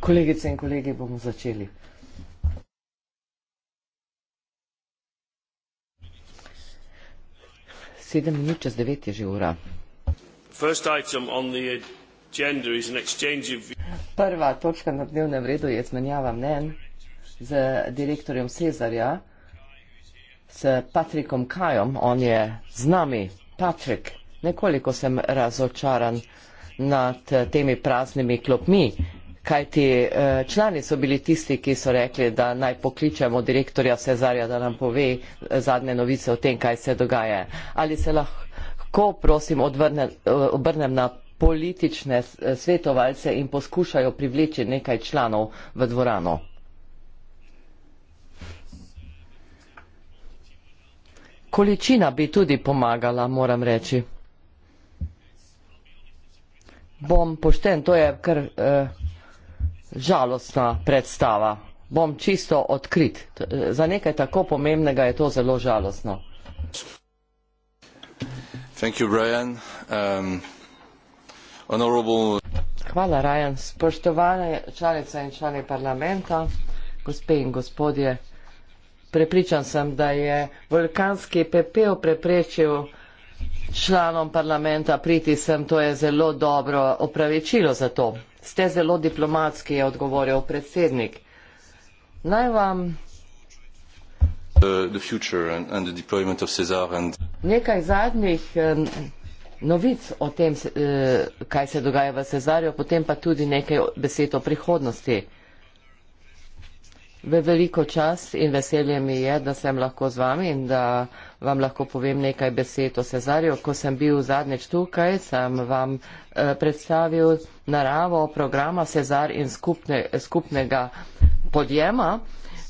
Kolegice in kolegi, bomo začeli. Sedem minut čez devet je že ura. Prva točka na dnevnem redu je izmenjava mnenj z direktorjem Cezarja, s Patrikom Kajom. On je z nami. Patrik, nekoliko sem razočaran nad eh, temi praznimi klopmi. Kajti eh, člani so bili tisti, ki so rekli, da naj pokličemo direktorja Cezarja, da nam pove eh, zadnje novice o tem, kaj se dogaja. Ali se lahko, prosim, odvrne, obrnem na politične svetovalce in poskušajo privleči nekaj članov v dvorano? Količina bi tudi pomagala, moram reči bom pošten, to je kar eh, žalostna predstava. Bom čisto odkrit. Za nekaj tako pomembnega je to zelo žalostno. Thank you, Brian. Um, honorable... Hvala, Rajan. Spoštovane članice in člani parlamenta, gospe in gospodje, prepričan sem, da je vulkanski pepel preprečil članom parlamenta priti sem, to je zelo dobro opravičilo za to. Ste zelo diplomatski, je odgovoril predsednik. Naj vam nekaj zadnjih eh, novic o tem, eh, kaj se dogaja v Cezarju, potem pa tudi nekaj besed o prihodnosti. V veliko čas in veselje mi je, da sem lahko z vami in da vam lahko povem nekaj besed o Cezarju. Ko sem bil zadnjič tukaj, sem vam eh, predstavil naravo programa Cezar in skupne, skupnega podjema,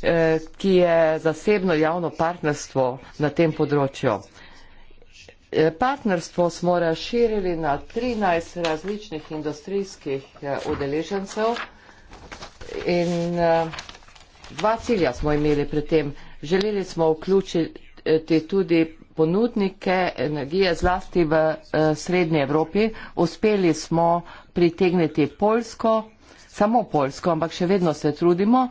eh, ki je zasebno javno partnerstvo na tem področju. Eh, partnerstvo smo razširili na 13 različnih industrijskih eh, udeležencev in. Eh, dva cilja smo imeli pri tem. Želeli smo vključiti tudi ponudnike energije zlasti v uh, srednji Evropi. Uspeli smo pritegniti Poljsko, samo Poljsko, ampak še vedno se trudimo,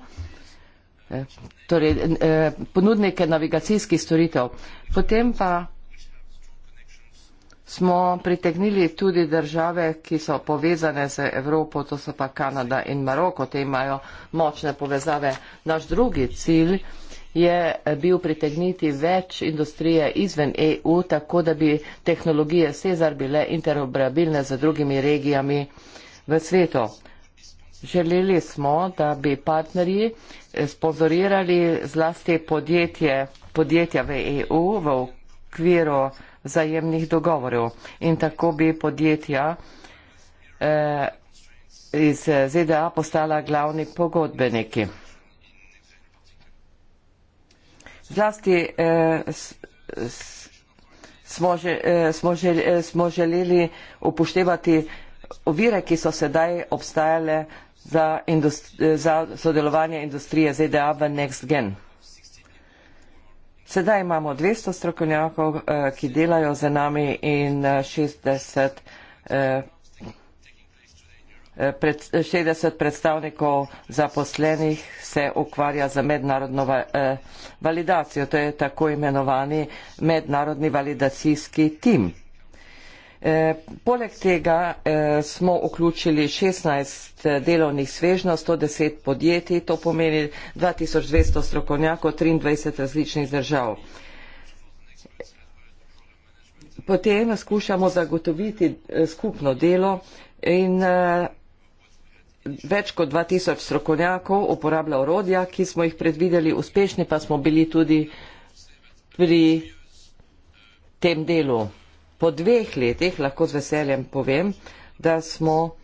eh, torej eh, ponudnike navigacijskih storitev. Potem pa smo pritegnili tudi države, ki so povezane z Evropo, to so pa Kanada in Maroko, te imajo močne povezave. Naš drugi cilj je bil pritegniti več industrije izven EU, tako da bi tehnologije Cezar bile interoperabilne z drugimi regijami v svetu. Želeli smo, da bi partnerji sponzorirali zlasti podjetje, podjetja v EU v okviru zajemnih dogovorov. In tako bi podjetja eh, iz ZDA postala glavni pogodbeniki. Zlasti eh, smo, že, eh, smo, žel, eh, smo želeli upoštevati ovire, ki so sedaj obstajale za, za sodelovanje industrije ZDA v NextGen. Sedaj imamo 200 strokovnjakov, eh, ki delajo za nami in 60, eh, 60 eh, predstavnikov zaposlenih se ukvarja za mednarodno validacijo. To je tako imenovani mednarodni validacijski tim. Eh, poleg tega eh, smo vključili 16 eh, delovnih svežnjev, 110 podjetij, to pomeni 2200 strokovnjakov, 23 različnih držav. Potem skušamo zagotoviti skupno delo in več kot 2000 strokovnjakov uporablja orodja, ki smo jih predvideli, uspešni pa smo bili tudi pri tem delu po dveh letih lahko z veseljem povem, da smo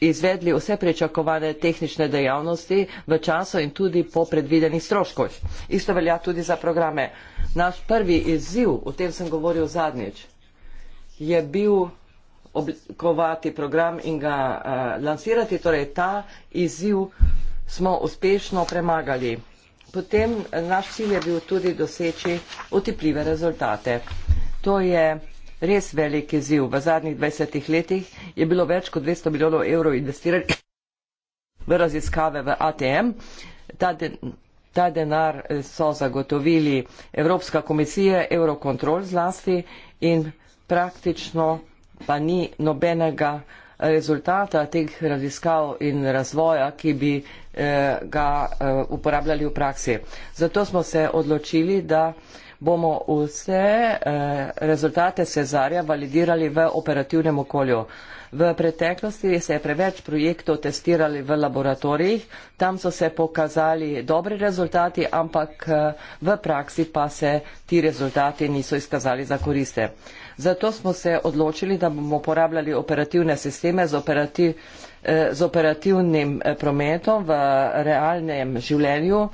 izvedli vse pričakovane tehnične dejavnosti v času in tudi po predvidenih stroških. Isto velja tudi za programe. Naš prvi izziv, o tem sem govoril zadnjič, je bil oblikovati program in ga uh, lansirati. Torej, ta izziv smo uspešno premagali potem eh, naš cilj je bil tudi doseči otipljive rezultate. To je res velik izziv. V zadnjih 20 letih je bilo več kot 200 milijonov evrov investiranih v raziskave v ATM. Ta, de, ta denar eh, so zagotovili Evropska komisija, Eurocontrol zlasti in praktično pa ni nobenega rezultata teh raziskav in razvoja, ki bi eh, ga eh, uporabljali v praksi. Zato smo se odločili, da bomo vse eh, rezultate Cezarja validirali v operativnem okolju. V preteklosti se je preveč projektov testirali v laboratorijih, tam so se pokazali dobri rezultati, ampak v praksi pa se ti rezultati niso izkazali za koriste. Zato smo se odločili, da bomo uporabljali operativne sisteme z, operativ, eh, z operativnim eh, prometom v realnem življenju,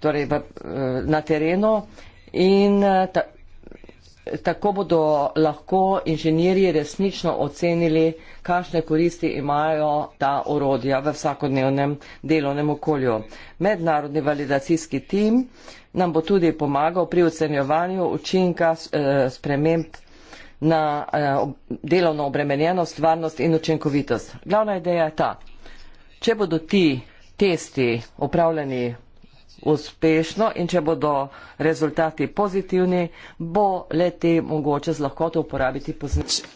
torej v, eh, na terenu. In ta, tako bodo lahko inženirji resnično ocenili, kakšne koristi imajo ta orodja v vsakodnevnem delovnem okolju. Mednarodni validacijski tim nam bo tudi pomagal pri ocenjevanju učinka sprememb na eh, delovno obremenjenost, varnost in učinkovitost. Glavna ideja je ta, če bodo ti testi upravljeni uspešno in če bodo rezultati pozitivni, bo le te mogoče z lahkoto uporabiti pozitivno.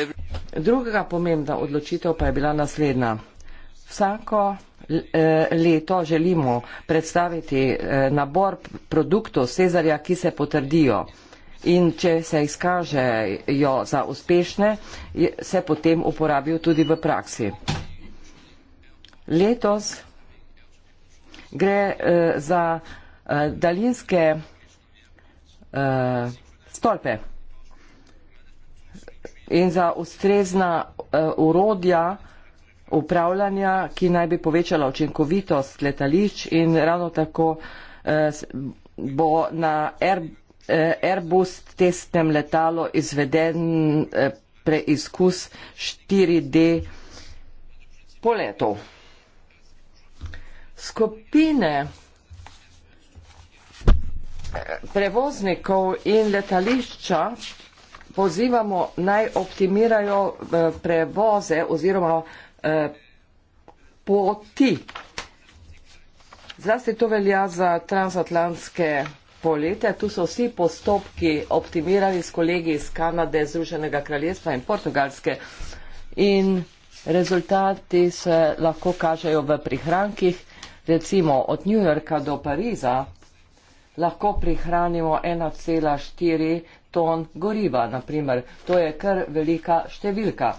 Every... Druga pomembna odločitev pa je bila naslednja. Vsako Eh, leto želimo predstaviti eh, nabor produktov Cezarja, ki se potrdijo. In če se izkažejo za uspešne, se potem uporabijo tudi v praksi. Letos gre uh, za uh, daljinske uh, stolpe in za ustrezna uh, urodja uh, upravljanja, ki naj bi povečala učinkovitost letališč in ravno tako eh, bo na eh, Airbus testnem letalo izveden eh, preizkus 4D poletov. Skupine prevoznikov in letališča pozivamo naj optimirajo prevoze oziroma prevoze Eh, poti. Zlasti to velja za transatlantske polete. Tu so vsi postopki optimirani s kolegi iz Kanade, Združenega kraljestva in Portugalske. In rezultati se lahko kažejo v prihrankih. Recimo od New Yorka do Pariza lahko prihranimo 1,4 ton goriva. Naprimer, to je kar velika številka.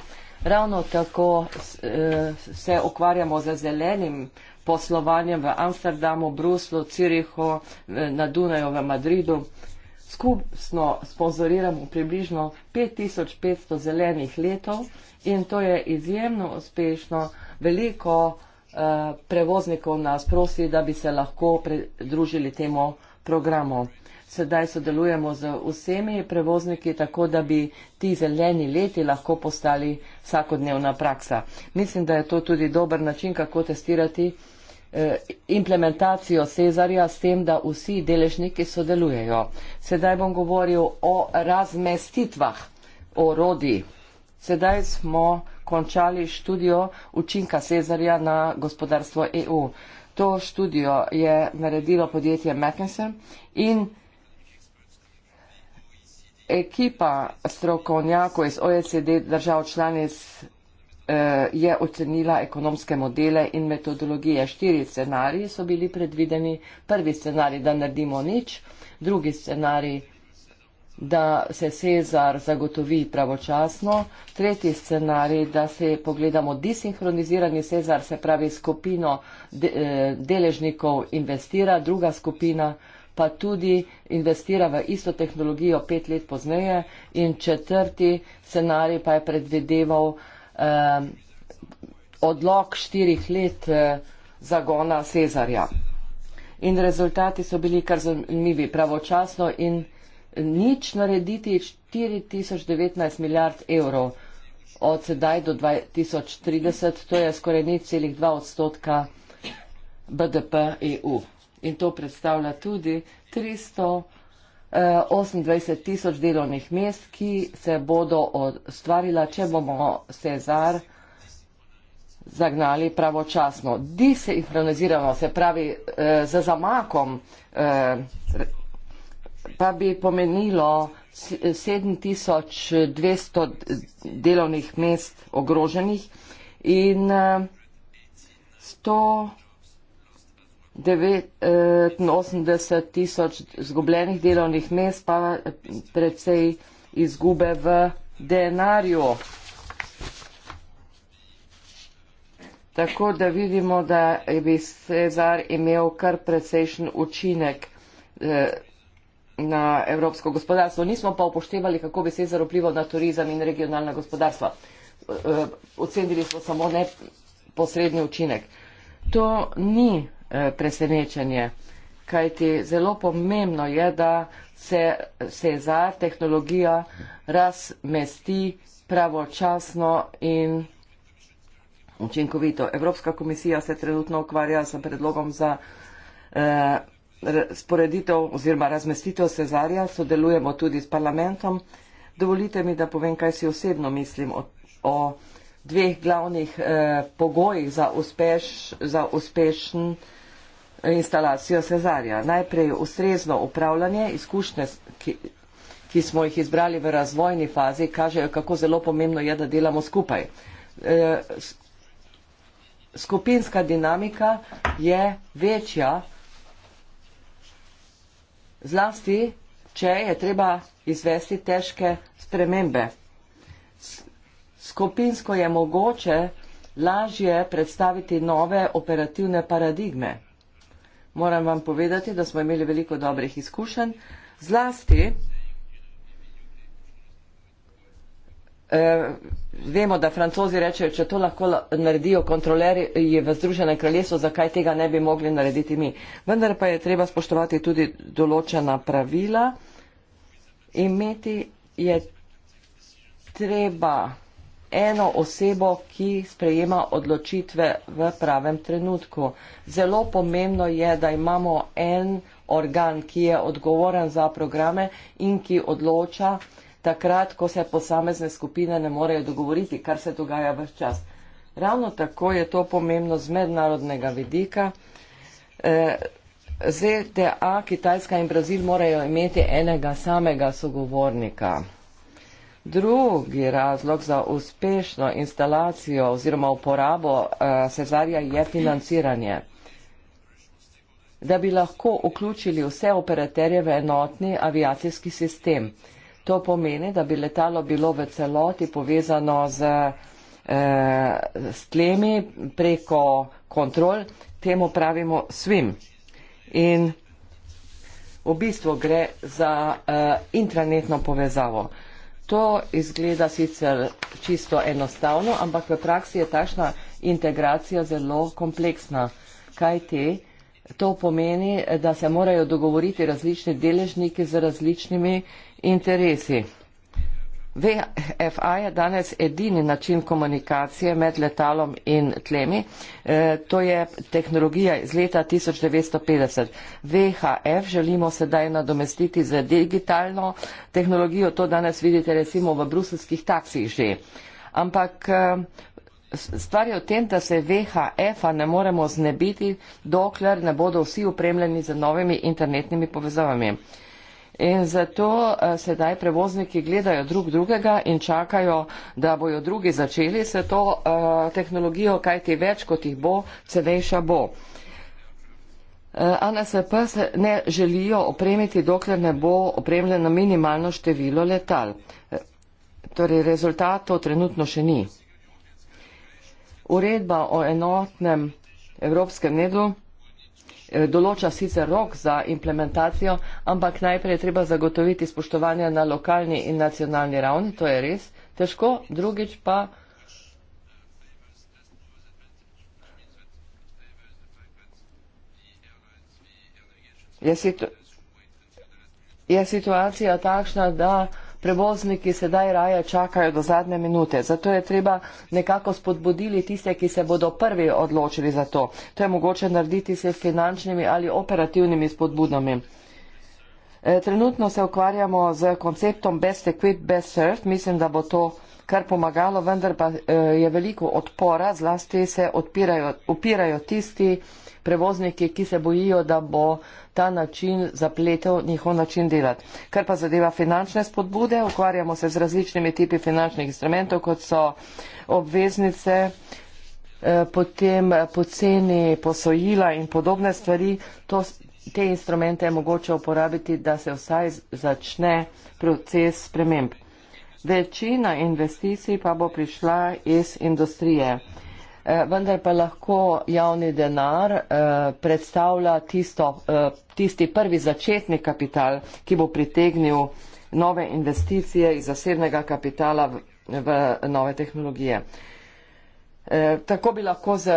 Ravno tako eh, se ukvarjamo za zelenim poslovanjem v Amsterdamu, Bruslu, Cirihu, eh, na Dunaju, v Madridu. Skupno sponzoriramo približno 5500 zelenih letov in to je izjemno uspešno. Veliko eh, prevoznikov nas prosi, da bi se lahko pridružili temu programu sedaj sodelujemo z vsemi prevozniki, tako da bi ti zeleni leti lahko postali vsakodnevna praksa. Mislim, da je to tudi dober način, kako testirati eh, implementacijo Cezarja s tem, da vsi deležniki sodelujejo. Sedaj bom govoril o razmestitvah, o rodi. Sedaj smo končali študijo učinka Cezarja na gospodarstvo EU. To študijo je naredilo podjetje McKinsey in ekipa strokovnjakov iz OECD držav članic eh, je ocenila ekonomske modele in metodologije. Štiri scenariji so bili predvideni. Prvi scenarij, da naredimo nič. Drugi scenarij, da se Cezar zagotovi pravočasno. Tretji scenarij, da se pogledamo disinhronizirani Cezar, se pravi skupino eh, deležnikov investira, druga skupina pa tudi investira v isto tehnologijo pet let pozneje in četrti scenarij pa je predvedeval eh, odlog štirih let eh, zagona Cezarja. In rezultati so bili kar zanimivi, pravočasno in nič narediti 4019 milijard evrov od sedaj do 2030, to je skoraj 0,2 odstotka BDP EU in to predstavlja tudi 328 eh, tisoč delovnih mest, ki se bodo ustvarila, če bomo Cezar zagnali pravočasno. Desinhronizirano, se pravi, eh, za zamakom eh, pa bi pomenilo 7200 delovnih mest ogroženih in eh, 100. 89 tisoč zgubljenih delovnih mest, pa precej izgube v denarju. Tako da vidimo, da bi Cezar imel kar precejšen učinek eh, na evropsko gospodarstvo. Nismo pa upoštevali, kako bi Cezar vplival na turizem in regionalna gospodarstva. Eh, ocenili smo samo neposredni učinek. To ni Eh, presenečenje. Kajti zelo pomembno je, da se, se za tehnologija razmesti pravočasno in učinkovito. Evropska komisija se trenutno ukvarja s predlogom za eh, sporeditev oziroma razmestitev Cezarja, sodelujemo tudi s parlamentom. Dovolite mi, da povem, kaj si osebno mislim o, o dveh glavnih eh, pogojih za, uspeš, za uspešen instalacijo Cezarja. Najprej ustrezno upravljanje, izkušnje, ki, ki smo jih izbrali v razvojni fazi, kažejo, kako zelo pomembno je, da delamo skupaj. Eh, skupinska dinamika je večja, zlasti, če je treba izvesti težke spremembe skupinsko je mogoče lažje predstaviti nove operativne paradigme. Moram vam povedati, da smo imeli veliko dobrih izkušenj, zlasti eh, vemo, da francozi rečejo, če to lahko naredijo kontrolerji v Združenem kraljestvu, zakaj tega ne bi mogli narediti mi. Vendar pa je treba spoštovati tudi določena pravila. Imeti je treba eno osebo, ki sprejema odločitve v pravem trenutku. Zelo pomembno je, da imamo en organ, ki je odgovoren za programe in ki odloča takrat, ko se posamezne skupine ne morejo dogovoriti, kar se dogaja vse čas. Ravno tako je to pomembno z mednarodnega vidika. E, ZDA, Kitajska in Brazil morajo imeti enega samega sogovornika. Drugi razlog za uspešno instalacijo oziroma uporabo uh, eh, Cezarja je financiranje. Da bi lahko vključili vse operaterje v enotni aviacijski sistem. To pomeni, da bi letalo bilo v celoti povezano z, eh, s tlemi preko kontrol, temu pravimo svim. In v bistvu gre za eh, intranetno povezavo. To izgleda sicer čisto enostavno, ampak v praksi je tašna integracija zelo kompleksna. Kaj te? To pomeni, da se morajo dogovoriti različni deležniki z različnimi interesi. VFA je danes edini način komunikacije med letalom in tlemi. E, to je tehnologija iz leta 1950. VHF želimo sedaj nadomestiti z digitalno tehnologijo. To danes vidite recimo v bruselskih taksih že. Ampak e, stvar je v tem, da se VHF-a ne moremo znebiti, dokler ne bodo vsi upremljeni z novimi internetnimi povezavami. In zato uh, sedaj prevozniki gledajo drug drugega in čakajo, da bojo drugi začeli se to uh, tehnologijo, kajti več kot jih bo, cenejša bo. Uh, eh, ANSP se ne želijo opremiti, dokler ne bo opremljeno minimalno število letal. Torej rezultatov trenutno še ni. Uredba o enotnem evropskem nedu Eh, določa sicer rok za implementacijo, ampak najprej je treba zagotoviti spoštovanje na lokalni in nacionalni ravni, to je res težko, drugič pa je, situ je situacija takšna, da prevozniki sedaj raje čakajo do zadnje minute. Zato je treba nekako spodbudili tiste, ki se bodo prvi odločili za to. To je mogoče narediti se finančnimi ali operativnimi spodbudami. E, trenutno se ukvarjamo z konceptom best equipped, best served. Mislim, da bo to kar pomagalo, vendar pa eh, je veliko odpora, zlasti se odpirajo, upirajo tisti prevozniki, ki se bojijo, da bo ta način zapletel njihov način delati. Kar pa zadeva finančne spodbude, ukvarjamo se z različnimi tipi finančnih instrumentov, kot so obveznice, eh, potem eh, poceni posojila in podobne stvari. To Te instrumente je mogoče uporabiti, da se vsaj začne proces sprememb. Večina investicij pa bo prišla iz industrije. Eh, vendar pa lahko javni denar eh, predstavlja tisto, eh, tisti prvi začetni kapital, ki bo pritegnil nove investicije iz zasebnega kapitala v, v nove tehnologije. E, tako bi lahko z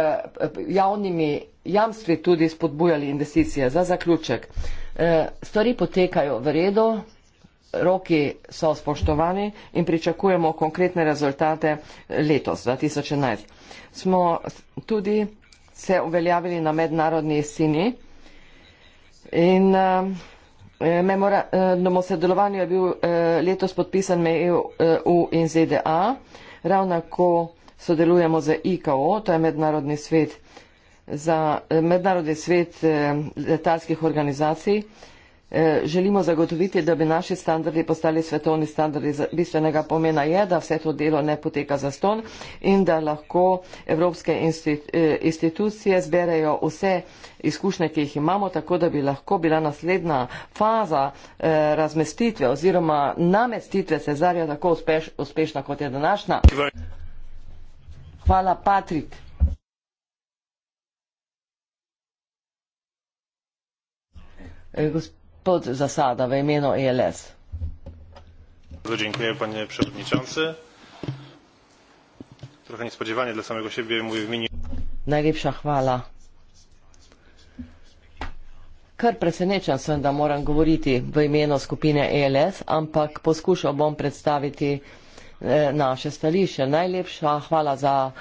javnimi jamstvi tudi spodbujali investicije. Za zaključek, e, stvari potekajo v redu, roki so spoštovani in pričakujemo konkretne rezultate letos 2011. Smo tudi se uveljavili na mednarodni sini in eh, memorandum eh, o sodelovanju je bil eh, letos podpisan med EU e in ZDA, ravnako sodelujemo z IKO, to je mednarodni svet za mednarodni svet letalskih organizacij. Eh, želimo zagotoviti, da bi naši standardi postali svetovni standardi. Bistvenega pomena je, da vse to delo ne poteka za ston in da lahko evropske eh, institucije zberejo vse izkušnje, ki jih imamo, tako da bi lahko bila naslednja faza eh, razmestitve oziroma namestitve Cezarja tako uspeš, uspešna, kot je današnja. Hvala, Patrik. Gospod pod zasada w imieniu ELS. Bardzo dziękuję panie przewodniczący. Trochę niespodziewanie dla samego siebie mówię w imieniu. Najlepsza chwala. Kar presenečen sem, da moram govoriti v imenu skupine ELS, ampak poskušal bom predstaviti eh, naše stališče. Najlepša hvala za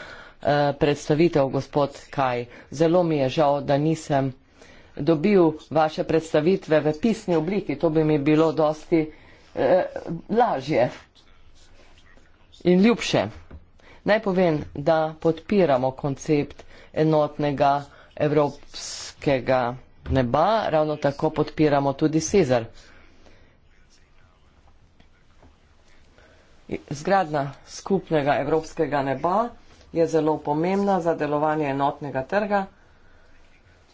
eh, predstavitev, gospod Kaj. Zelo mi je žal, da nisem dobil vaše predstavitve v pisni obliki, to bi mi bilo dosti eh, lažje in ljubše. Naj povem, da podpiramo koncept enotnega evropskega neba, ravno tako podpiramo tudi Cezar. Zgradna skupnega evropskega neba je zelo pomembna za delovanje enotnega trga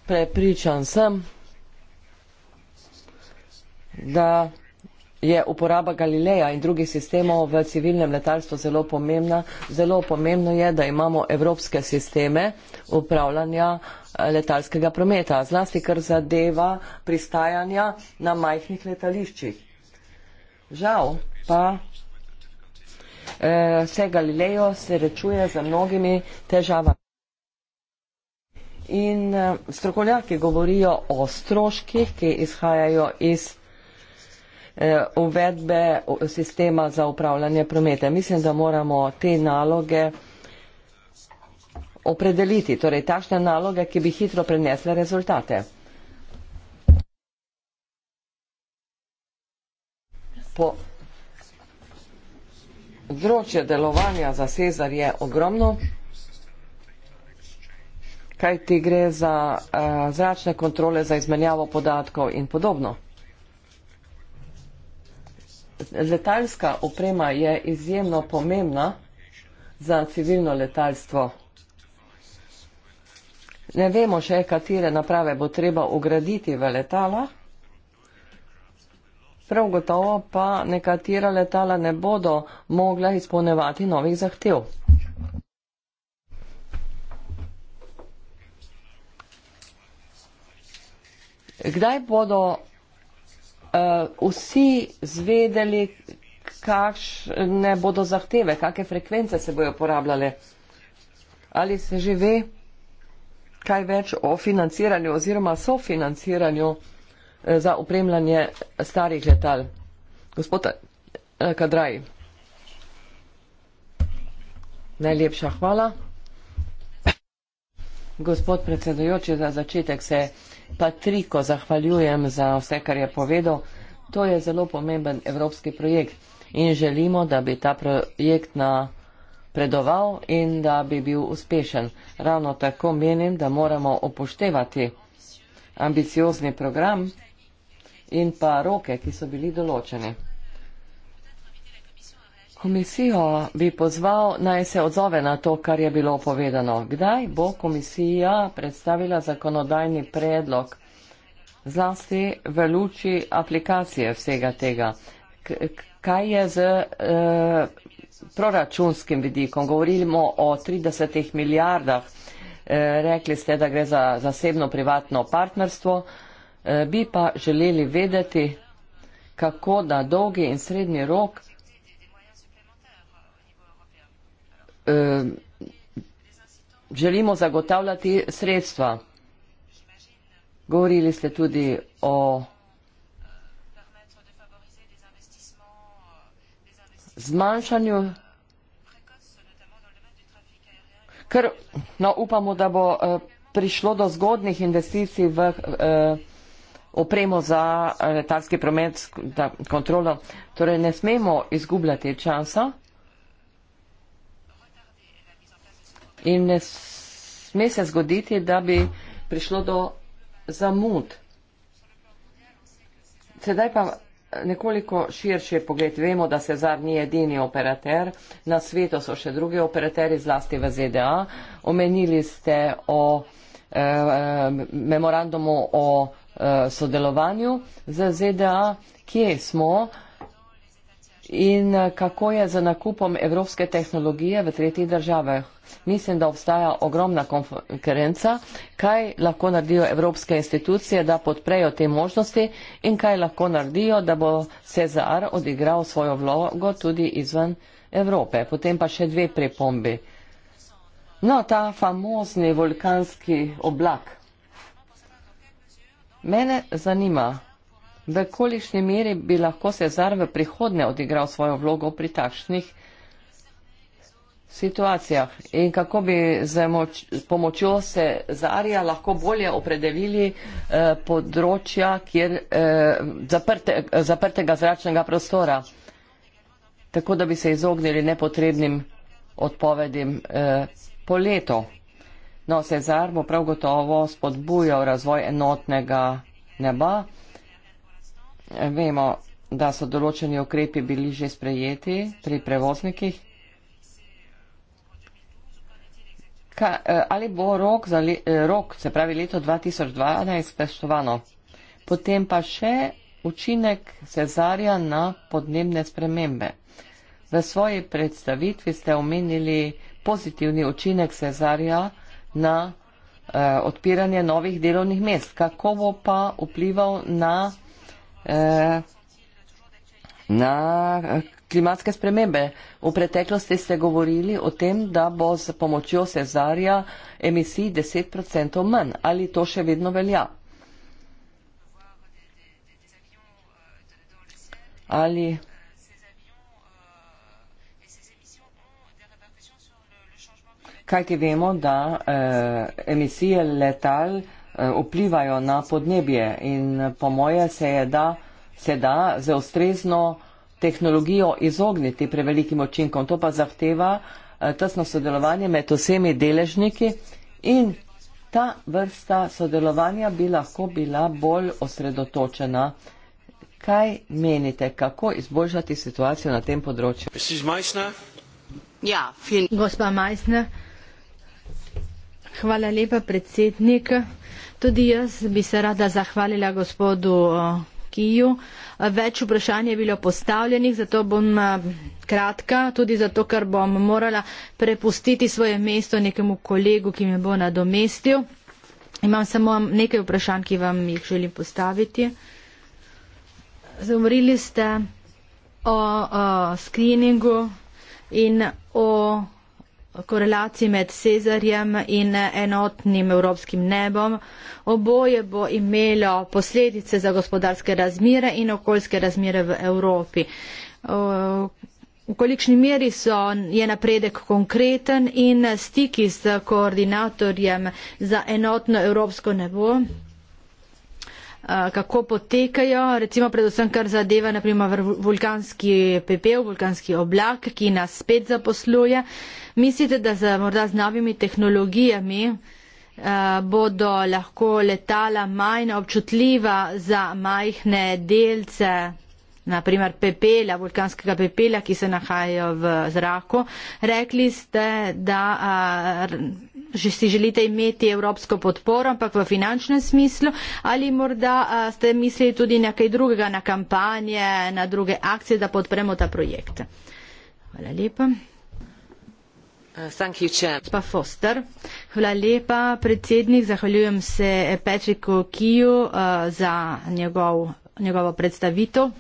prepričan sem, da je uporaba Galileja in drugih sistemov v civilnem letalstvu zelo pomembna. Zelo pomembno je, da imamo evropske sisteme upravljanja eh, letalskega prometa, zlasti kar zadeva pristajanja na majhnih letališčih. Žal pa vse eh, Galilejo se rečuje za mnogimi težavami. In eh, strokovnjaki govorijo o stroških, ki izhajajo iz eh, uvedbe sistema za upravljanje prometa. Mislim, da moramo te naloge opredeliti, torej takšne naloge, ki bi hitro prenesle rezultate. Po Zročje delovanja za Cezar je ogromno kaj ti gre za uh, zračne kontrole, za izmenjavo podatkov in podobno. Letalska oprema je izjemno pomembna za civilno letalstvo. Ne vemo še, katere naprave bo treba ugraditi v letala. Prav gotovo pa nekatera letala ne bodo mogla izpolnevati novih zahtev. kdaj bodo uh, vsi zvedeli, kakšne bodo zahteve, kakšne frekvence se bojo uporabljale. Ali se že ve kaj več o financiranju oziroma sofinanciranju uh, za upremljanje starih letal. Gospod uh, Kadraj. Najlepša hvala. Gospod predsedujoči, za začetek se Patriko zahvaljujem za vse, kar je povedal. To je zelo pomemben evropski projekt in želimo, da bi ta projekt napredoval in da bi bil uspešen. Ravno tako menim, da moramo upoštevati ambiciozni program in pa roke, ki so bili določeni. Komisijo bi pozval naj se odzove na to, kar je bilo povedano. Kdaj bo komisija predstavila zakonodajni predlog, zlasti v luči aplikacije vsega tega? K kaj je z eh, proračunskim vidikom? Govorimo o 30 milijardah. Eh, rekli ste, da gre za zasebno privatno partnerstvo. Eh, bi pa želeli vedeti, kako na dolgi in srednji rok uh, želimo zagotavljati sredstva. Govorili ste tudi o zmanjšanju, ker no, upamo, da bo uh, prišlo do zgodnih investicij v uh, opremo za letalski promet, kontrolo. Torej ne smemo izgubljati časa. In ne sme se zgoditi, da bi prišlo do zamud. Sedaj pa nekoliko širši pogled. Vemo, da se ZAR ni edini operater. Na svetu so še drugi operateri, zlasti v ZDA. Omenili ste o e, memorandumu o e, sodelovanju z ZDA. Kje smo? In eh, kako je z nakupom evropske tehnologije v tretjih državah? Mislim, da obstaja ogromna konkurenca. Kaj lahko naredijo evropske institucije, da podprejo te možnosti in kaj lahko naredijo, da bo Cezar odigral svojo vlogo tudi izven Evrope? Potem pa še dve pripombi. No, ta famozni vulkanski oblak. Mene zanima, V kolišni meri bi lahko Cezar v prihodnje odigral svojo vlogo pri takšnih situacijah in kako bi z pomočjo Cezarja lahko bolje opredelili eh, področja kjer, eh, zaprte, zaprtega zračnega prostora, tako da bi se izognili nepotrebnim odpovedim eh, po leto. No, Cezar bo prav gotovo spodbujal razvoj enotnega neba vemo, da so določeni ukrepi bili že sprejeti pri prevoznikih. Ka, eh, ali bo rok, za le, eh, rok, se pravi leto 2012, spoštovano? Potem pa še učinek Cezarja na podnebne spremembe. V svoji predstavitvi ste omenili pozitivni učinek Cezarja na eh, odpiranje novih delovnih mest. Kako bo pa vplival na eh, na eh, klimatske spremembe. V preteklosti ste govorili o tem, da bo s pomočjo Cezarja emisij 10% manj. Ali to še vedno velja? Ali kajti vemo, da eh, emisije letal eh, Eh, vplivajo na podnebje in eh, po moje se je da, se da z ustrezno tehnologijo izogniti prevelikim očinkom. To pa zahteva eh, tesno sodelovanje med vsemi deležniki in ta vrsta sodelovanja bi lahko bila bolj osredotočena. Kaj menite, kako izboljšati situacijo na tem področju? Ja, gospa Majsna, hvala lepa predsednik. Tudi jaz bi se rada zahvalila gospodu Kiju. Več vprašanj je bilo postavljenih, zato bom kratka, tudi zato, ker bom morala prepustiti svoje mesto nekemu kolegu, ki me bo nadomestil. Imam samo nekaj vprašanj, ki vam jih želim postaviti. Zomrili ste o, o screeningu in o korelaciji med Cezarjem in enotnim evropskim nebom. Oboje bo imelo posledice za gospodarske razmire in okoljske razmire v Evropi. V kolikšni meri so, je napredek konkreten in stiki s koordinatorjem za enotno evropsko nebo Eh, kako potekajo, recimo predvsem kar zadeva naprimer vulkanski pepel, vulkanski oblak, ki nas spet zaposluje. Mislite, da za, morda z novimi tehnologijami eh, bodo lahko letala manj občutljiva za majhne delce? naprimer pepela, vulkanskega pepela, ki se nahajajo v zraku. Rekli ste, da eh, že si želite imeti evropsko podporo, ampak v finančnem smislu, ali morda ste mislili tudi na kaj drugega, na kampanje, na druge akcije, da podpremo ta projekt. Hvala lepa. Uh, Gospa Foster, hvala lepa, predsednik, zahvaljujem se Patricku Kiju uh, za njegov, njegovo predstavitev. Uh,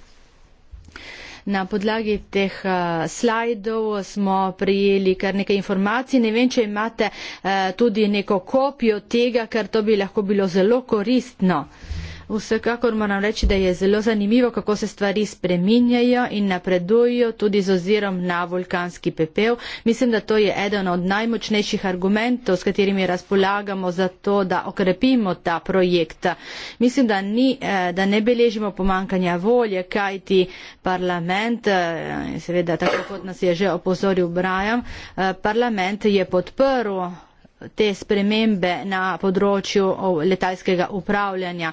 Na podlagi teh eh, slajdov smo prijeli kar nekaj informacij. Ne vem, če imate eh, tudi neko kopijo tega, ker to bi lahko bilo zelo koristno. Vsekakor moram reči, da je zelo zanimivo, kako se stvari spreminjajo in napredujo tudi z ozirom na vulkanski pepel. Mislim, da to je eden od najmočnejših argumentov, s katerimi razpolagamo za to, da okrepimo ta projekt. Mislim, da, ni, eh, da ne beležimo pomankanja volje, kajti parlament, eh, seveda tako kot nas je že opozoril Brajam, eh, parlament je podprl te spremembe na področju letalskega upravljanja.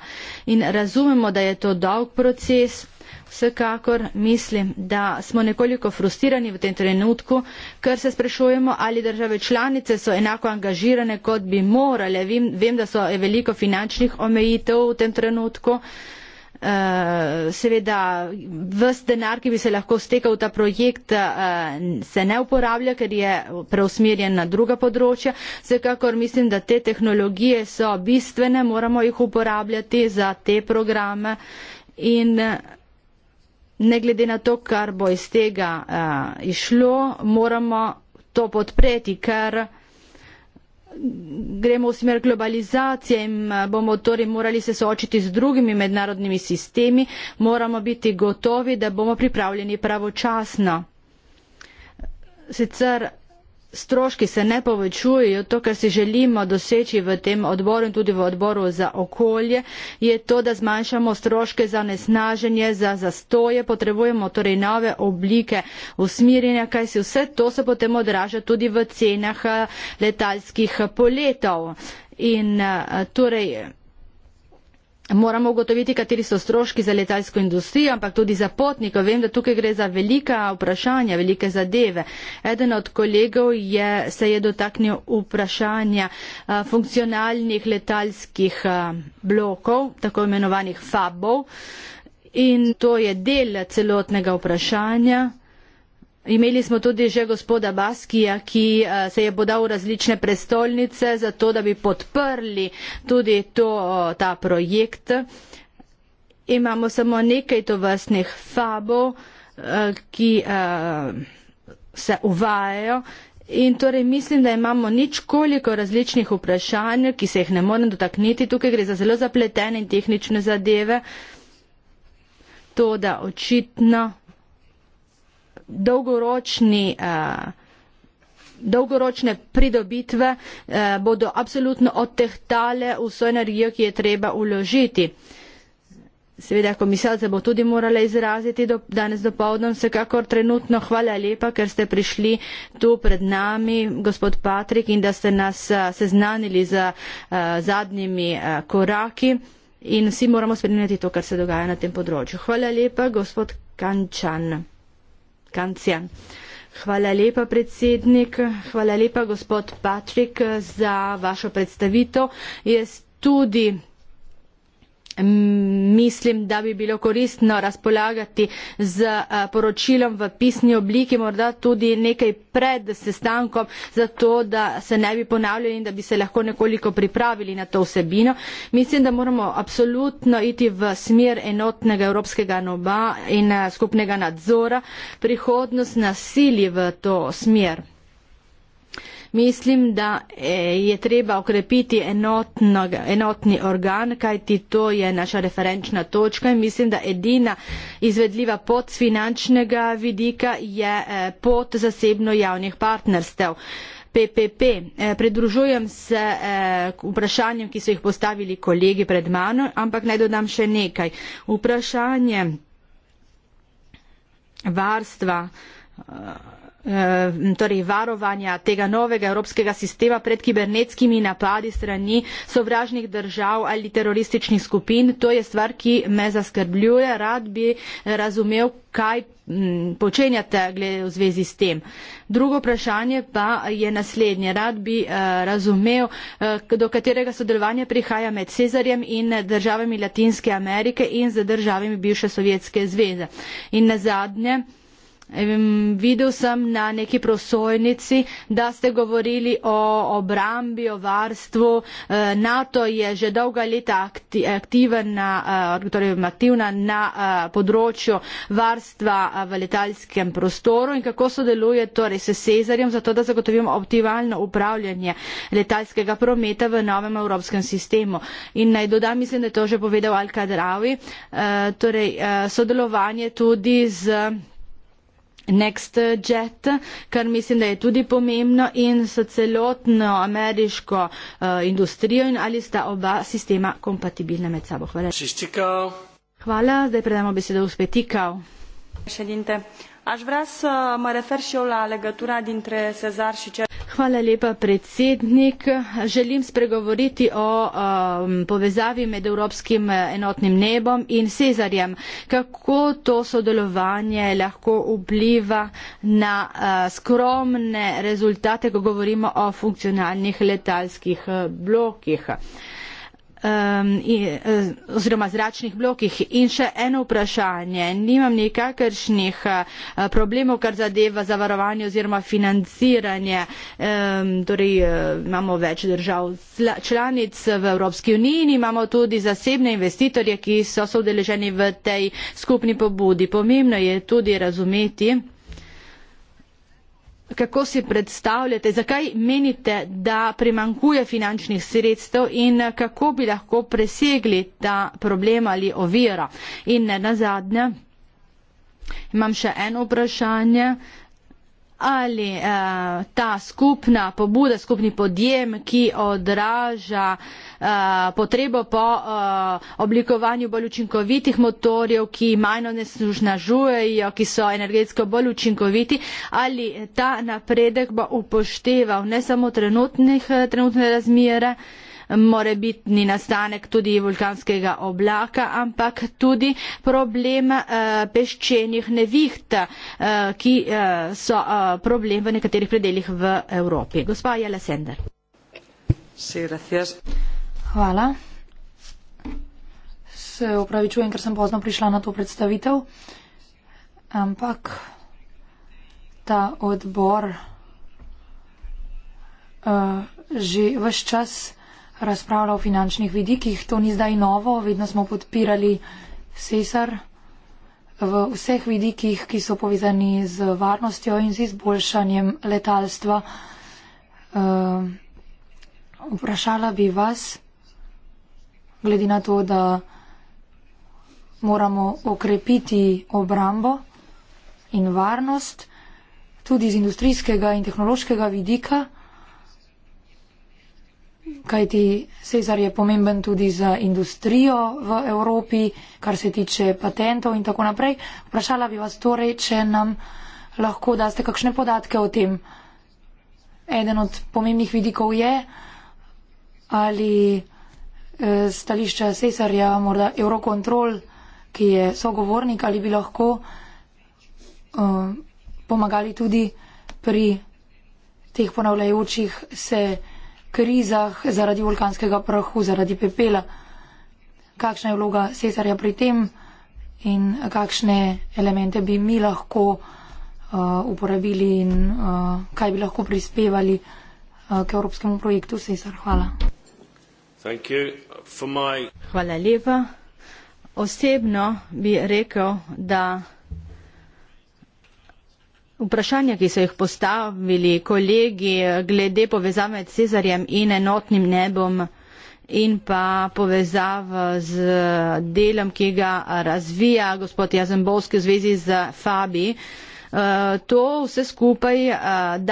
In razumemo, da je to dolg proces. Vsekakor mislim, da smo nekoliko frustrirani v tem trenutku, ker se sprašujemo, ali države članice so enako angažirane, kot bi morale. Vem, vem da so veliko finančnih omejitev v tem trenutku. Uh, Eh, seveda vs denar, ki bi se lahko stekal v ta projekt, eh, se ne uporablja, ker je preusmerjen na druga področja. Vsekakor mislim, da te tehnologije so bistvene, moramo jih uporabljati za te programe in eh, ne glede na to, kar bo iz tega uh, išlo, moramo to podpreti, ker gremo v smer globalizacije in eh, bomo torej morali se soočiti z drugimi mednarodnimi sistemi, moramo biti gotovi, da bomo pripravljeni pravočasno. Sicer stroški se ne povečujejo, to, kar si želimo doseči v tem odboru in tudi v odboru za okolje, je to, da zmanjšamo stroške za nesnaženje, za zastoje, potrebujemo torej nove oblike usmirjenja, kaj si vse to se potem odraža tudi v cenah eh, letalskih poletov. In eh, torej, Moramo ugotoviti, kateri so stroški za letalsko industrijo, ampak tudi za potnike. Vem, da tukaj gre za velika vprašanja, velike zadeve. Eden od kolegov je, se je dotaknil vprašanja a, funkcionalnih letalskih a, blokov, tako imenovanih fabov. In to je del celotnega vprašanja. Imeli smo tudi že gospoda Baskija, ki eh, se je podal v različne prestolnice, zato da bi podprli tudi to, eh, ta projekt. Imamo samo nekaj tovrstnih fabov, eh, ki se uvajajo. In torej mislim, da imamo nič koliko različnih vprašanj, ki se jih ne morem dotakniti. Tukaj gre za zelo zapletene in tehnične zadeve. To, da očitno dolgoročni eh, dolgoročne pridobitve eh, bodo absolutno odtehtale vso energijo, ki je treba uložiti. Seveda komisarca bo tudi morala izraziti do, danes do povdom, vsekakor trenutno hvala lepa, ker ste prišli tu pred nami, gospod Patrik, in da ste nas eh, seznanili z eh, zadnjimi eh, koraki in vsi moramo spremljati to, kar se dogaja na tem področju. Hvala lepa, gospod Kančan. Kancijan. Hvala lepa, predsednik. Hvala lepa, gospod Patrik, za vašo predstavitev. Jaz tudi mislim, da bi bilo koristno razpolagati z eh, poročilom v pisni obliki, morda tudi nekaj pred sestankom, zato da se ne bi ponavljali in da bi se lahko nekoliko pripravili na to vsebino. Mislim, da moramo absolutno iti v smer enotnega evropskega noba in eh, skupnega nadzora. Prihodnost nasili v to smer. Mislim, da eh, je treba okrepiti enotno, enotni organ, kajti to je naša referenčna točka in mislim, da edina izvedljiva pot z finančnega vidika je eh, pot zasebno javnih partnerstev. PPP. Eh, pridružujem se k vprašanjem, ki so jih postavili kolegi pred mano, ampak naj dodam še nekaj. Vprašanje varstva Eh, torej varovanja tega novega evropskega sistema pred kibernetskimi napadi strani sovražnih držav ali terorističnih skupin. To je stvar, ki me zaskrbljuje. Rad bi razumel, kaj mm, počenjate glede v zvezi s tem. Drugo vprašanje pa je naslednje. Rad bi uh, razumel, uh, do katerega sodelovanja prihaja med Cezarjem in državami Latinske Amerike in z državami bivše Sovjetske zveze. In na zadnje, uh, Videl sem na neki prosojnici, da ste govorili o obrambi, o varstvu. Eh, NATO je že dolga leta aktivna, eh, torej aktivna na eh, področju varstva v letalskem prostoru in kako sodeluje torej s Cezarjem, zato da zagotovimo optimalno upravljanje letalskega prometa v novem evropskem sistemu. In naj dodam, mislim, da je to že povedal Al-Kadravi, torej sodelovanje tudi z. Next Jet, kar mislim, da je tudi pomembno in so celotno ameriško uh, industrijo in ali sta oba sistema kompatibilna med sabo. Hvala. Hvala, zdaj predamo besedo v spetikav. Šedinte. Aș vrea să mă refer și eu la legătura dintre Sezar și cel... Hvala lepa, predsednik. Želim spregovoriti o um, povezavi med Evropskim eh, enotnim nebom in Cezarjem. Kako to sodelovanje lahko vpliva na uh, skromne rezultate, ko govorimo o funkcionalnih letalskih uh, blokih? Uh, um, eh, oziroma zračnih blokih. In še eno vprašanje. Nimam nikakršnih uh, problemov, kar zadeva zavarovanje oziroma financiranje. Um, torej uh, imamo več držav članic v Evropski uniji in imamo tudi zasebne investitorje, ki so sodeleženi v tej skupni pobudi. Pomembno je tudi razumeti, Kako si predstavljate, zakaj menite, da primankuje finančnih sredstev in kako bi lahko presegli ta problem ali ovira? In ne nazadnje, imam še eno vprašanje ali uh, ta skupna pobuda, skupni podjem, ki odraža uh, potrebo po uh, oblikovanju bolj učinkovitih motorjev, ki manj onesnažujejo, ki so energetsko bolj učinkoviti, ali ta napredek bo upošteval ne samo trenutnih, trenutne razmere, morebitni nastanek tudi vulkanskega oblaka, ampak tudi problem eh, peščenih neviht, eh, ki eh, so problem v nekaterih predeljih v Evropi. Gospa Jela Sender. Hvala. Se upravičujem, ker sem pozno prišla na to predstavitev, ampak ta odbor uh, že vse čas razpravlja o finančnih vidikih. To ni zdaj novo, vedno smo podpirali Cesar v vseh vidikih, ki so povezani z varnostjo in z izboljšanjem letalstva. Uh, vprašala bi vas, glede na to, da moramo okrepiti obrambo in varnost, tudi z industrijskega in tehnološkega vidika kajti Cezar je pomemben tudi za industrijo v Evropi, kar se tiče patentov in tako naprej. Vprašala bi vas torej, če nam lahko daste kakšne podatke o tem. Eden od pomembnih vidikov je, ali eh, stališča Cezarja, morda Eurocontrol, ki je sogovornik, ali bi lahko uh, pomagali tudi pri teh ponavljajočih se krizah, zaradi vulkanskega prahu, zaradi pepela. Kakšna je vloga cesarja pri tem in kakšne elemente bi mi lahko uh, uporabili in uh, kaj bi lahko prispevali uh, k evropskemu projektu cesar? Hvala. Hvala lepa. Osebno bi rekel, da Vprašanja, ki so jih postavili kolegi glede povezave med Cezarjem in enotnim nebom in pa povezava z delom, ki ga razvija gospod Jazembovski v zvezi z Fabi. Eh, to vse skupaj eh,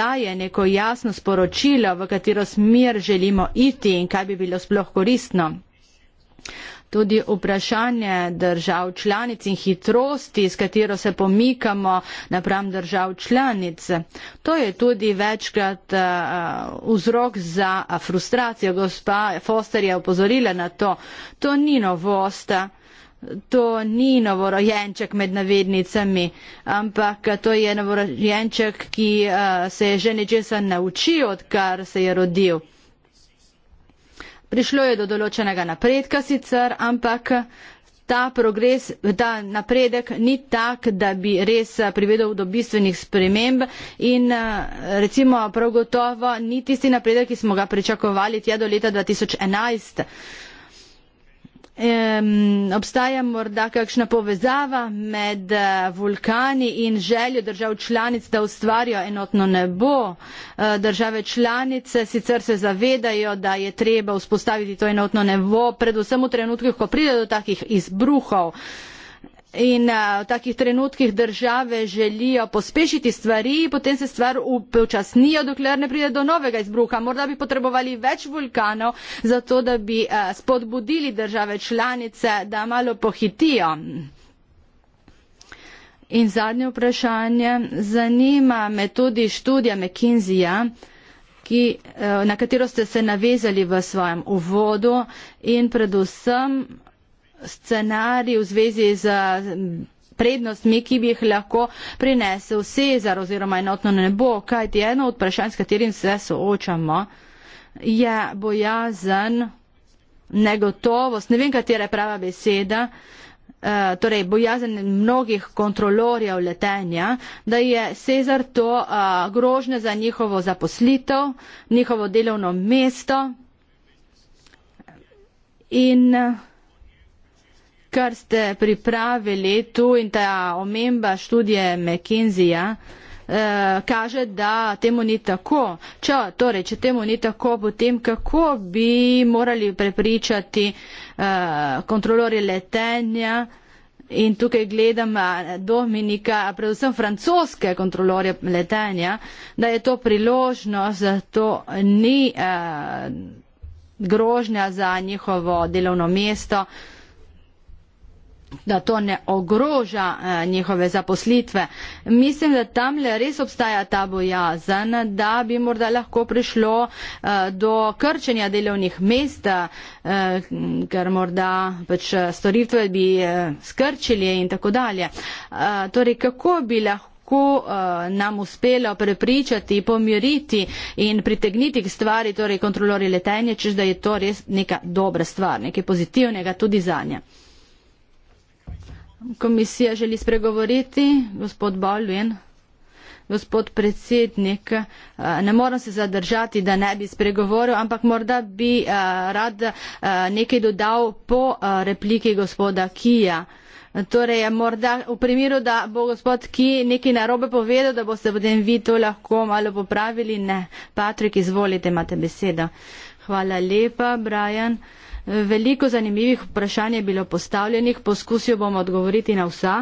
daje neko jasno sporočilo, v katero smer želimo iti in kaj bi bilo sploh koristno tudi vprašanje držav članic in hitrosti, s katero se pomikamo napram držav članic. To je tudi večkrat eh, vzrok za eh, frustracijo. Gospa Foster je upozorila na to. To ni novost. To ni novorojenček med navednicami, ampak to je novorojenček, ki uh, se je že nečesa naučil, odkar se je rodil. Prišlo je do določenega napredka sicer, ampak ta, progres, ta napredek ni tak, da bi res privedel do bistvenih sprememb in eh, recimo prav gotovo ni tisti napredek, ki smo ga pričakovali tja do leta 2011. Um, obstaja morda kakšna povezava med eh, vulkani in željo držav članic, da ustvarijo enotno nebo. Eh, države članice sicer se zavedajo, da je treba vzpostaviti to enotno nebo, predvsem v trenutkih, ko pride do takih izbruhov in eh, v takih trenutkih države želijo pospešiti stvari, potem se stvar upočasnijo, dokler ne pride do novega izbruha. Morda bi potrebovali več vulkanov, zato da bi eh, spodbudili države članice, da malo pohitijo. In zadnje vprašanje. Zanima me tudi študija McKinseya, ki, eh, na katero ste se navezali v svojem uvodu in predvsem scenarij v zvezi z prednostmi, ki bi jih lahko prinesel Cezar oziroma enotno nebo, kajti eno od vprašanj, s katerim se soočamo, je bojazen, negotovost, ne vem, katera je prava beseda, eh, torej bojazen mnogih kontrolorjev letenja, da je Cezar to eh, grožne za njihovo zaposlitev, njihovo delovno mesto in eh, kar ste pripravili tu in ta omemba študije McKinseyja eh, kaže, da temu ni tako. Če, torej, če temu ni tako, potem kako bi morali prepričati eh, kontrolori letenja in tukaj gledam eh, Dominika, a predvsem francoske kontrolore letenja, da je to priložnost, da to ni grožnja za njihovo delovno mesto da to ne ogroža eh, njihove zaposlitve. Mislim, da tam le res obstaja ta bojazen, da bi morda lahko prišlo eh, do krčenja delovnih mest, eh, ker morda pač eh, storitve bi eh, skrčili in tako dalje. Eh, torej, kako bi lahko kako eh, nam uspelo prepričati, pomiriti in pritegniti k stvari, torej kontrolori letenja, čež da je to res neka dobra stvar, nekaj pozitivnega tudi za njega komisija želi spregovoriti, gospod Baldwin. Gospod predsednik, eh, ne moram se zadržati, da ne bi spregovoril, ampak morda bi eh, rad eh, nekaj dodal po repliki gospoda Kija. Torej, morda v primeru, da bo gospod Ki nekaj narobe povedal, da boste potem vi to lahko malo popravili. Ne, Patrik, izvolite, imate besedo. Hvala lepa, Brian. Veliko zanimivih vprašanj je bilo postavljenih, poskusil bom odgovoriti na vsa.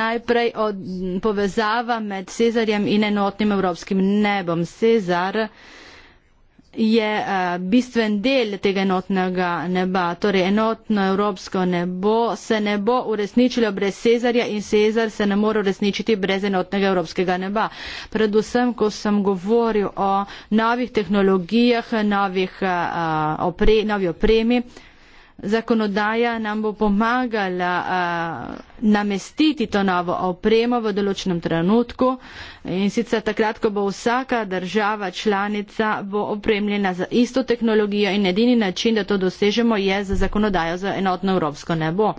Najprej od, povezava med Cezarjem in enotnim evropskim nebom. Cezar je eh, bistven del tega enotnega neba. Torej enotno evropsko nebo se ne bo uresničilo brez Cezarja in Cezar se ne more uresničiti brez enotnega evropskega neba. Predvsem, ko sem govoril o novih tehnologijah, novih, uh, opre, novi opremi, zakonodaja nam bo pomagala a, namestiti to novo opremo v določenem trenutku in sicer takrat, ko bo vsaka država članica bo opremljena za isto tehnologijo in edini način, da to dosežemo, je za zakonodajo za enotno evropsko nebo.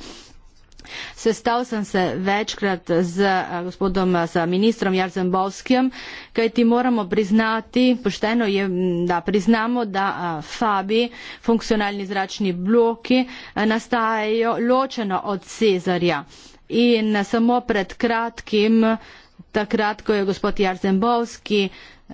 Sestal sem se večkrat z eh, gospodom z eh, ministrom Jarzembovskim, kaj ti moramo priznati, pošteno je, da priznamo, da eh, FABI, funkcionalni zračni bloki, nastajajo ločeno od Cezarja. In samo pred kratkim, takrat, ko je gospod Jarzembovski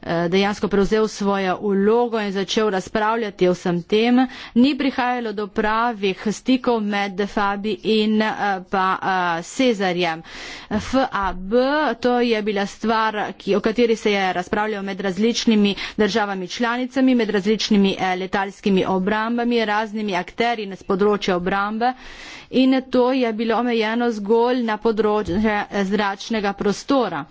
Eh, dejansko prevzel svojo ulogo in začel razpravljati o vsem tem. Ni prihajalo do pravih stikov med Fabi in eh, pa eh, Cezarjem. FAB, to je bila stvar, ki, o kateri se je razpravljal med različnimi državami članicami, med različnimi letalskimi obrambami, raznimi akteri na področju obrambe. In to je bilo omejeno zgolj na področje zračnega prostora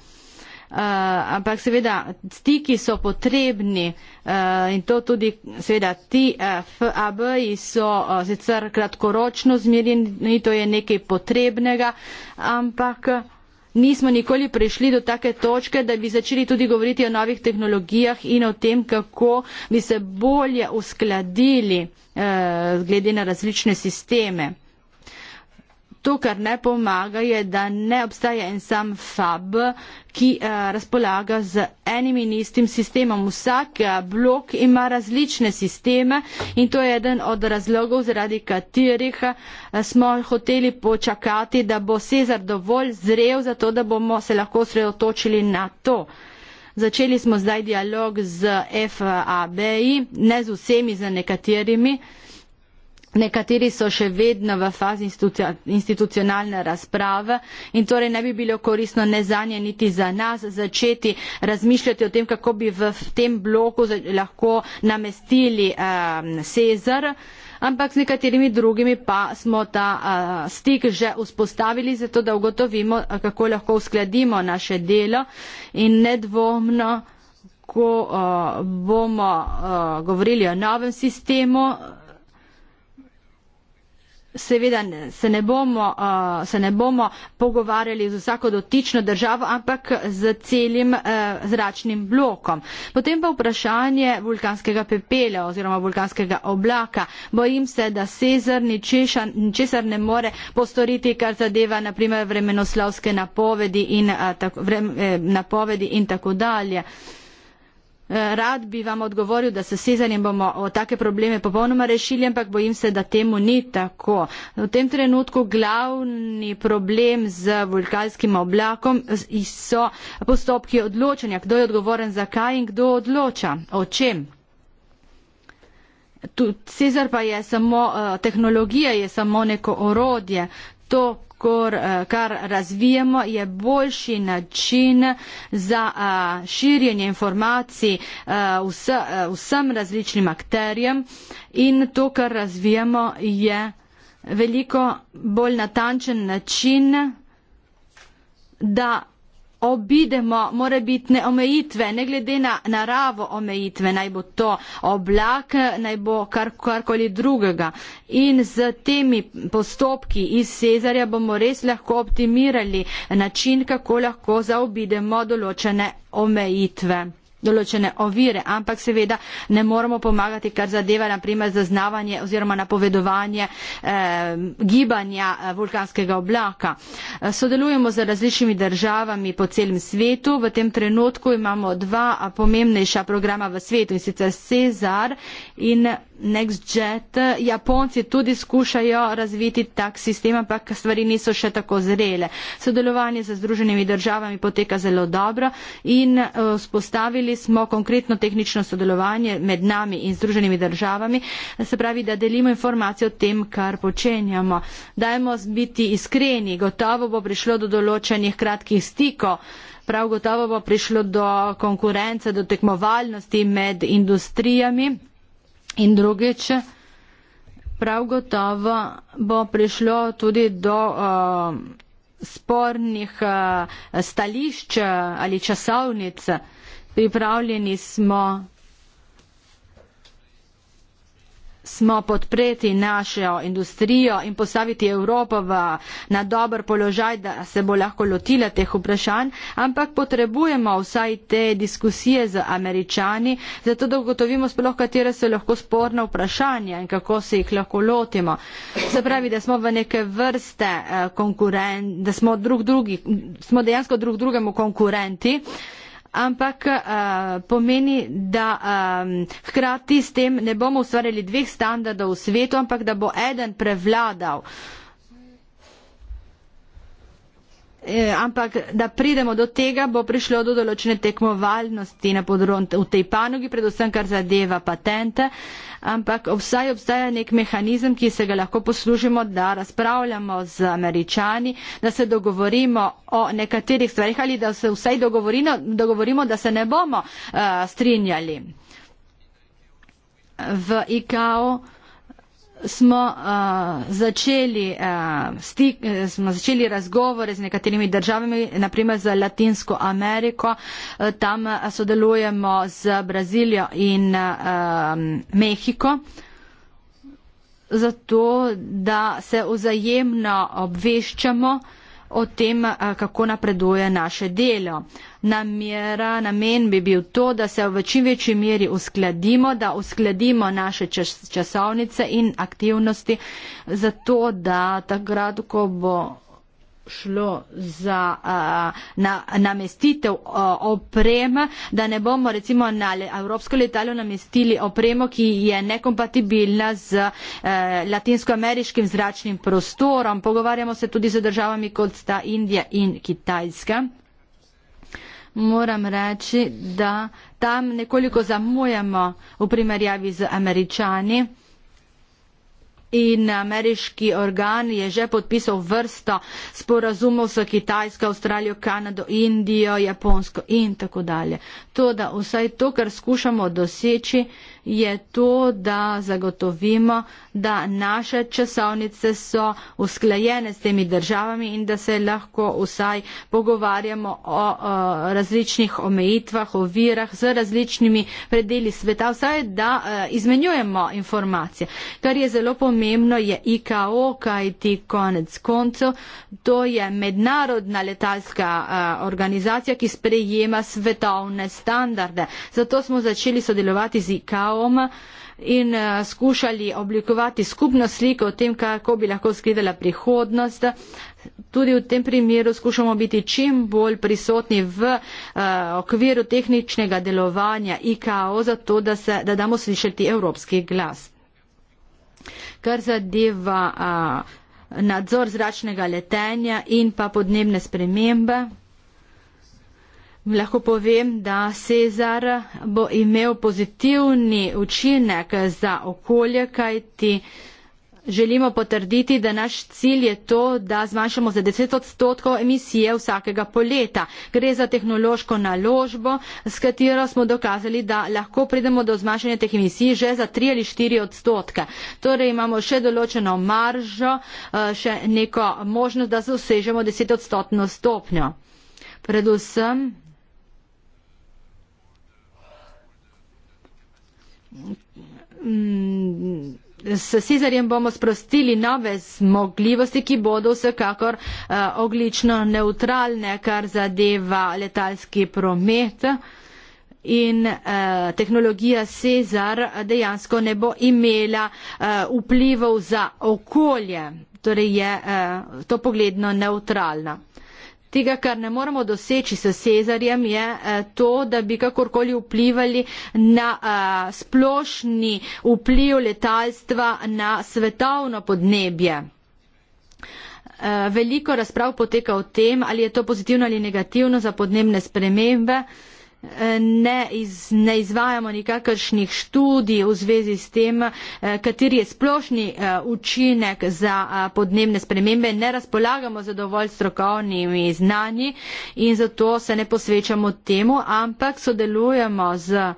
uh, ampak seveda stiki so potrebni uh, in to tudi seveda ti uh, eh, FAB-ji so uh, sicer kratkoročno zmirjeni, to je nekaj potrebnega, ampak. Nismo nikoli prišli do take točke, da bi začeli tudi govoriti o novih tehnologijah in o tem, kako bi se bolje uskladili eh, glede na različne sisteme. To, kar ne pomaga, je, da ne obstaja en sam fab, ki uh, razpolaga z enim in istim sistemom. Vsak eh, blok ima različne sisteme in to je eden od razlogov, zaradi katerih eh, smo hoteli počakati, da bo Cezar dovolj zrel, zato da bomo se lahko sredotočili na to. Začeli smo zdaj dialog z FABI, ne z vsemi, z nekaterimi. Nekateri so še vedno v fazi institucionalne razprave in torej ne bi bilo korisno ne zanje niti za nas začeti razmišljati o tem, kako bi v tem bloku lahko namestili um, Cezar, ampak z nekaterimi drugimi pa smo ta uh, stik že vzpostavili, zato da ugotovimo, kako lahko uskladimo naše delo in nedvomno, ko uh, bomo uh, govorili o novem sistemu, seveda se ne bomo, uh, se ne bomo pogovarjali z vsako dotično državo, ampak z celim uh, zračnim blokom. Potem pa vprašanje vulkanskega pepela oziroma vulkanskega oblaka. Bojim se, da Cezar ničesar ne more postoriti, kar zadeva naprimer vremenoslavske napovedi in, uh, tako, vrem, eh, napovedi in tako dalje. Eh, rad bi vam odgovoril, da se Sezarjem bomo o take probleme popolnoma rešili, ampak bojim se, da temu ni tako. V tem trenutku glavni problem z vulkanskim oblakom so postopki odločanja. Kdo je odgovoren za kaj in kdo odloča? O čem? Tud Cezar pa je samo, eh, tehnologija je samo neko orodje. To kor, eh, kar razvijemo, je boljši način za eh, širjenje informacij eh, vsem različnim akterjem in to, kar razvijemo, je veliko bolj natančen način, da obidemo morebitne omejitve, ne glede na naravo omejitve, naj bo to oblak, naj bo kar, karkoli drugega. In z temi postopki iz Cezarja bomo res lahko optimirali način, kako lahko zaobidemo določene omejitve določene ovire, ampak seveda ne moramo pomagati, kar zadeva naprimer zaznavanje oziroma napovedovanje eh, gibanja eh, vulkanskega oblaka. Eh, sodelujemo z različnimi državami po celem svetu. V tem trenutku imamo dva eh, pomembnejša programa v svetu in sicer Cezar in NextJet, Japonci tudi skušajo razviti tak sistem, ampak stvari niso še tako zrele. Sodelovanje z združenimi državami poteka zelo dobro in spostavili eh, smo konkretno tehnično sodelovanje med nami in združenimi državami, se pravi, da delimo informacije o tem, kar počenjamo. Dajmo biti iskreni, gotovo bo prišlo do določenih kratkih stikov. Prav gotovo bo prišlo do konkurence, do tekmovalnosti med industrijami. In drugič, prav gotovo bo prišlo tudi do uh, spornih uh, stališč ali časovnic. Pripravljeni smo smo podpreti našo industrijo in postaviti Evropo v, na dober položaj, da se bo lahko lotila teh vprašanj, ampak potrebujemo vsaj te diskusije z američani, zato da ugotovimo sploh, katere so lahko sporna vprašanja in kako se jih lahko lotimo. Se pravi, da smo v neke vrste eh, konkurenti, da smo, drug drugi, smo dejansko drug drugemu konkurenti ampak uh, pomeni, da um, hkrati s tem ne bomo ustvarjali dveh standardov v svetu, ampak da bo eden prevladal. Uh, Eh, ampak da pridemo do tega, bo prišlo do določene tekmovalnosti v tej panogi, predvsem kar zadeva patente, ampak obstaja, obstaja nek mehanizem, ki se ga lahko poslužimo, da razpravljamo z američani, da se dogovorimo o nekaterih stvarih ali da se vsaj dogovorimo, da se ne bomo uh, strinjali. V ICAO smo, uh, začeli, uh, stik, eh, smo začeli razgovore z nekaterimi državami, naprimer z Latinsko Ameriko. Uh, tam eh, sodelujemo z Brazilijo in uh, Mehiko, zato da se vzajemno obveščamo. Uh, o tem, kako napreduje naše delo. Namera, namen bi bil to, da se v čim večji meri uskladimo, da uskladimo naše čas, časovnice in aktivnosti, zato da takrat, ko bo šlo za uh, na, namestitev uh, opreme, da ne bomo recimo na le, evropsko letalo namestili opremo, ki je nekompatibilna z uh, latinskoameriškim zračnim prostorom. Pogovarjamo se tudi z državami kot sta Indija in Kitajska. Moram reči, da tam nekoliko zamujamo v primerjavi z američani in ameriški organ je že podpisal vrsto sporazumov s Kitajsko, Avstralijo, Kanado, Indijo, Japonsko in tako dalje. To, da vsaj to, kar skušamo doseči, je to, da zagotovimo, da naše časovnice so usklajene s temi državami in da se lahko vsaj pogovarjamo o, o različnih omejitvah, o virah z različnimi predeli sveta, vsaj da o, e, izmenjujemo informacije. Kar je zelo pomembno, je IKO, kajti konec koncev, to je mednarodna letalska o, e, organizacija, ki sprejema svetovne standarde. Zato smo začeli sodelovati z IKO Oma in uh, skušali oblikovati skupno sliko o tem, kako bi lahko skrivala prihodnost. Tudi v tem primeru skušamo biti čim bolj prisotni v uh, okviru tehničnega delovanja IKO, zato da, se, da damo slišati evropski glas. Kar zadeva uh, nadzor zračnega letenja in pa podnebne spremembe. Lahko povem, da Cezar bo imel pozitivni učinek za okolje, kajti želimo potrditi, da naš cilj je to, da zmanjšamo za 10 odstotkov emisije vsakega poleta. Gre za tehnološko naložbo, s katero smo dokazali, da lahko pridemo do zmanjšanja teh emisij že za 3 ali 4 odstotke. Torej imamo še določeno maržo, eh, še neko možnost, da zosežemo 10 odstotno stopnjo. Predvsem Mm, s Cezarjem bomo sprostili nove zmogljivosti, ki bodo vsekakor uh, oglično neutralne, kar zadeva letalski promet. In uh, tehnologija Cezar dejansko ne bo imela uh, vplivov za okolje, torej je uh, to pogledno neutralna tega, kar ne moremo doseči s Cezarjem, je eh, to, da bi kakorkoli vplivali na eh, splošni vpliv letalstva na svetovno podnebje. Eh, veliko razprav poteka o tem, ali je to pozitivno ali negativno za podnebne spremembe ne, iz, ne izvajamo nikakršnih študij v zvezi s tem, eh, kateri je splošni eh, učinek za eh, podnebne spremembe. Ne razpolagamo z dovolj strokovnimi znanji in zato se ne posvečamo temu, ampak sodelujemo z.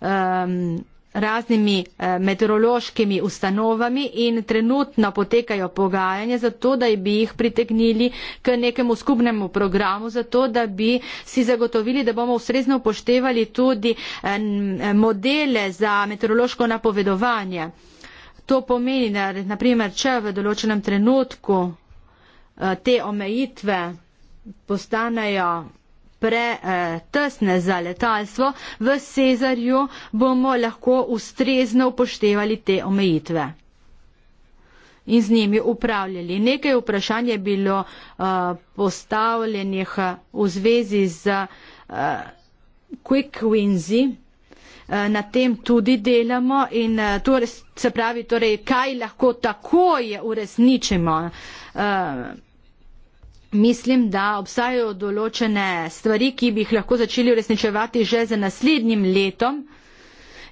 Um, raznimi eh, meteorološkimi ustanovami in trenutno potekajo pogajanja za to, da bi jih pritegnili k nekemu skupnemu programu, zato da bi si zagotovili, da bomo ustrezno upoštevali tudi eh, eh, modele za meteorološko napovedovanje. To pomeni, da naprimer, če v določenem trenutku te omejitve postanejo pretesne za letalstvo, v Cezarju bomo lahko ustrezno upoštevali te omejitve in z njimi upravljali. Nekaj vprašanj je bilo uh, postavljenih eh, v zvezi z uh, quick winsy. Na tem tudi delamo in torej, se pravi, torej, kaj lahko takoj uresničimo. Uh, mislim, da obstajajo določene stvari, ki bi jih lahko začeli uresničevati že za naslednjim letom.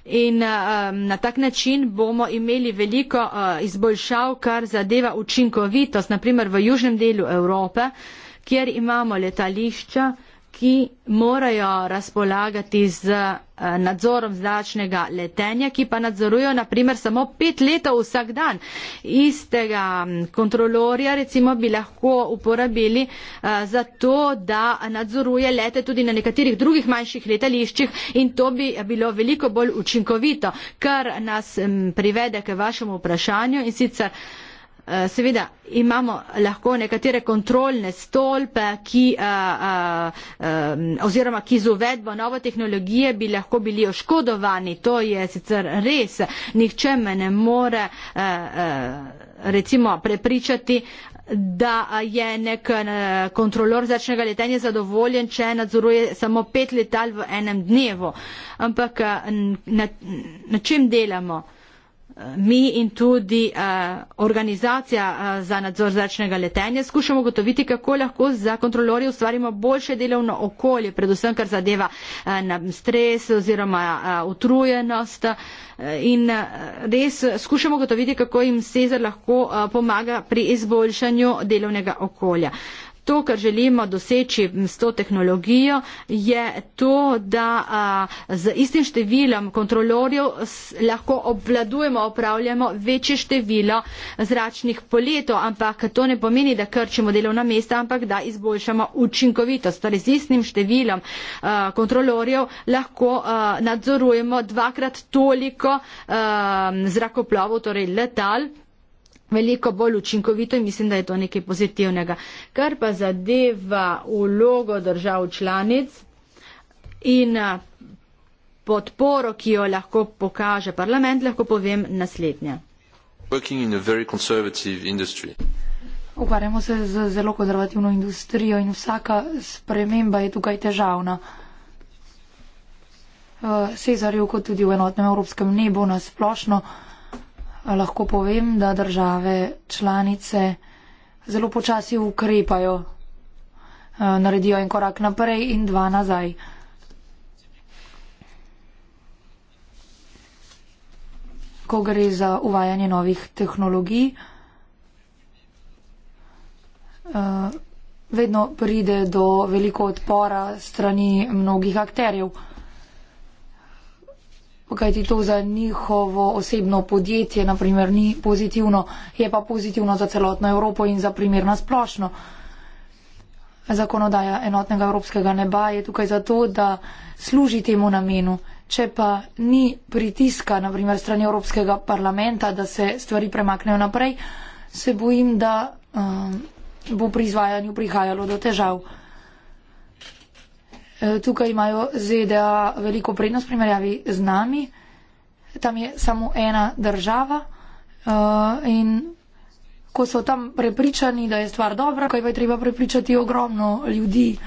In um, na tak način bomo imeli veliko uh, izboljšav, kar zadeva učinkovitost, naprimer v južnem delu Evrope, kjer imamo letališča, uh, ki morajo razpolagati z eh, nadzorom zračnega letenja, ki pa nadzorujo naprimer samo pet letov vsak dan. Istega mm, kontrolorja recimo bi lahko uporabili eh, za to, da nadzoruje lete tudi na nekaterih drugih manjših letališčih in to bi bilo veliko bolj učinkovito, kar nas mm, privede k vašemu vprašanju in sicer Eh, seveda imamo lahko nekatere kontrolne stolpe, ki a, a, a, oziroma ki z uvedbo nove tehnologije bi lahko bili oškodovani, to je sicer res, nihče me ne more a, eh, a, eh, recimo prepričati da je nek kontrolor začnega letenja zadovoljen, če nadzoruje samo pet letal v enem dnevu. Ampak na, na čem delamo? Uh, mi in tudi eh, organizacija eh, za nadzor zračnega letenja skušamo gotoviti, kako lahko za kontrolori ustvarimo boljše delovno okolje, predvsem kar zadeva eh, stres oziroma utrujenost in res skušamo gotoviti, kako jim Cezar lahko pomaga pri izboljšanju delovnega okolja. To, kar želimo doseči s to tehnologijo, je to, da a, z istim številom kontrolorjev lahko obvladujemo, opravljamo večje število zračnih poletov, ampak to ne pomeni, da krčimo delovna mesta, ampak da izboljšamo učinkovitost. Torej z istim številom a, kontrolorjev lahko a, nadzorujemo dvakrat toliko a, zrakoplovov, torej letal veliko bolj učinkovito in mislim, da je to nekaj pozitivnega. Kar pa zadeva ulogo držav članic in eh, podporo, ki jo lahko pokaže parlament, lahko povem naslednje. Ukvarjamo se z zelo konzervativno industrijo in vsaka sprememba je tukaj težavna. Uh, Cezarju, kot tudi v enotnem evropskem nebu, nasplošno uh, lahko povem, da države članice zelo počasi ukrepajo, eh, naredijo en korak naprej in dva nazaj. Ko gre za uvajanje novih tehnologij, eh, vedno pride do veliko odpora strani mnogih akterjev kajti to za njihovo osebno podjetje naprimer ni pozitivno, je pa pozitivno za celotno Evropo in za primer na splošno. Zakonodaja enotnega evropskega neba je tukaj zato, da služi temu namenu. Če pa ni pritiska, naprimer strani Evropskega parlamenta, da se stvari premaknejo naprej, se bojim, da um, bo pri izvajanju prihajalo do težav. E, tukaj imajo ZDA veliko prednost primerjavi z nami. Tam je samo ena država e, in ko so tam prepričani, da je stvar dobra, kaj pa je treba prepričati ogromno ljudi.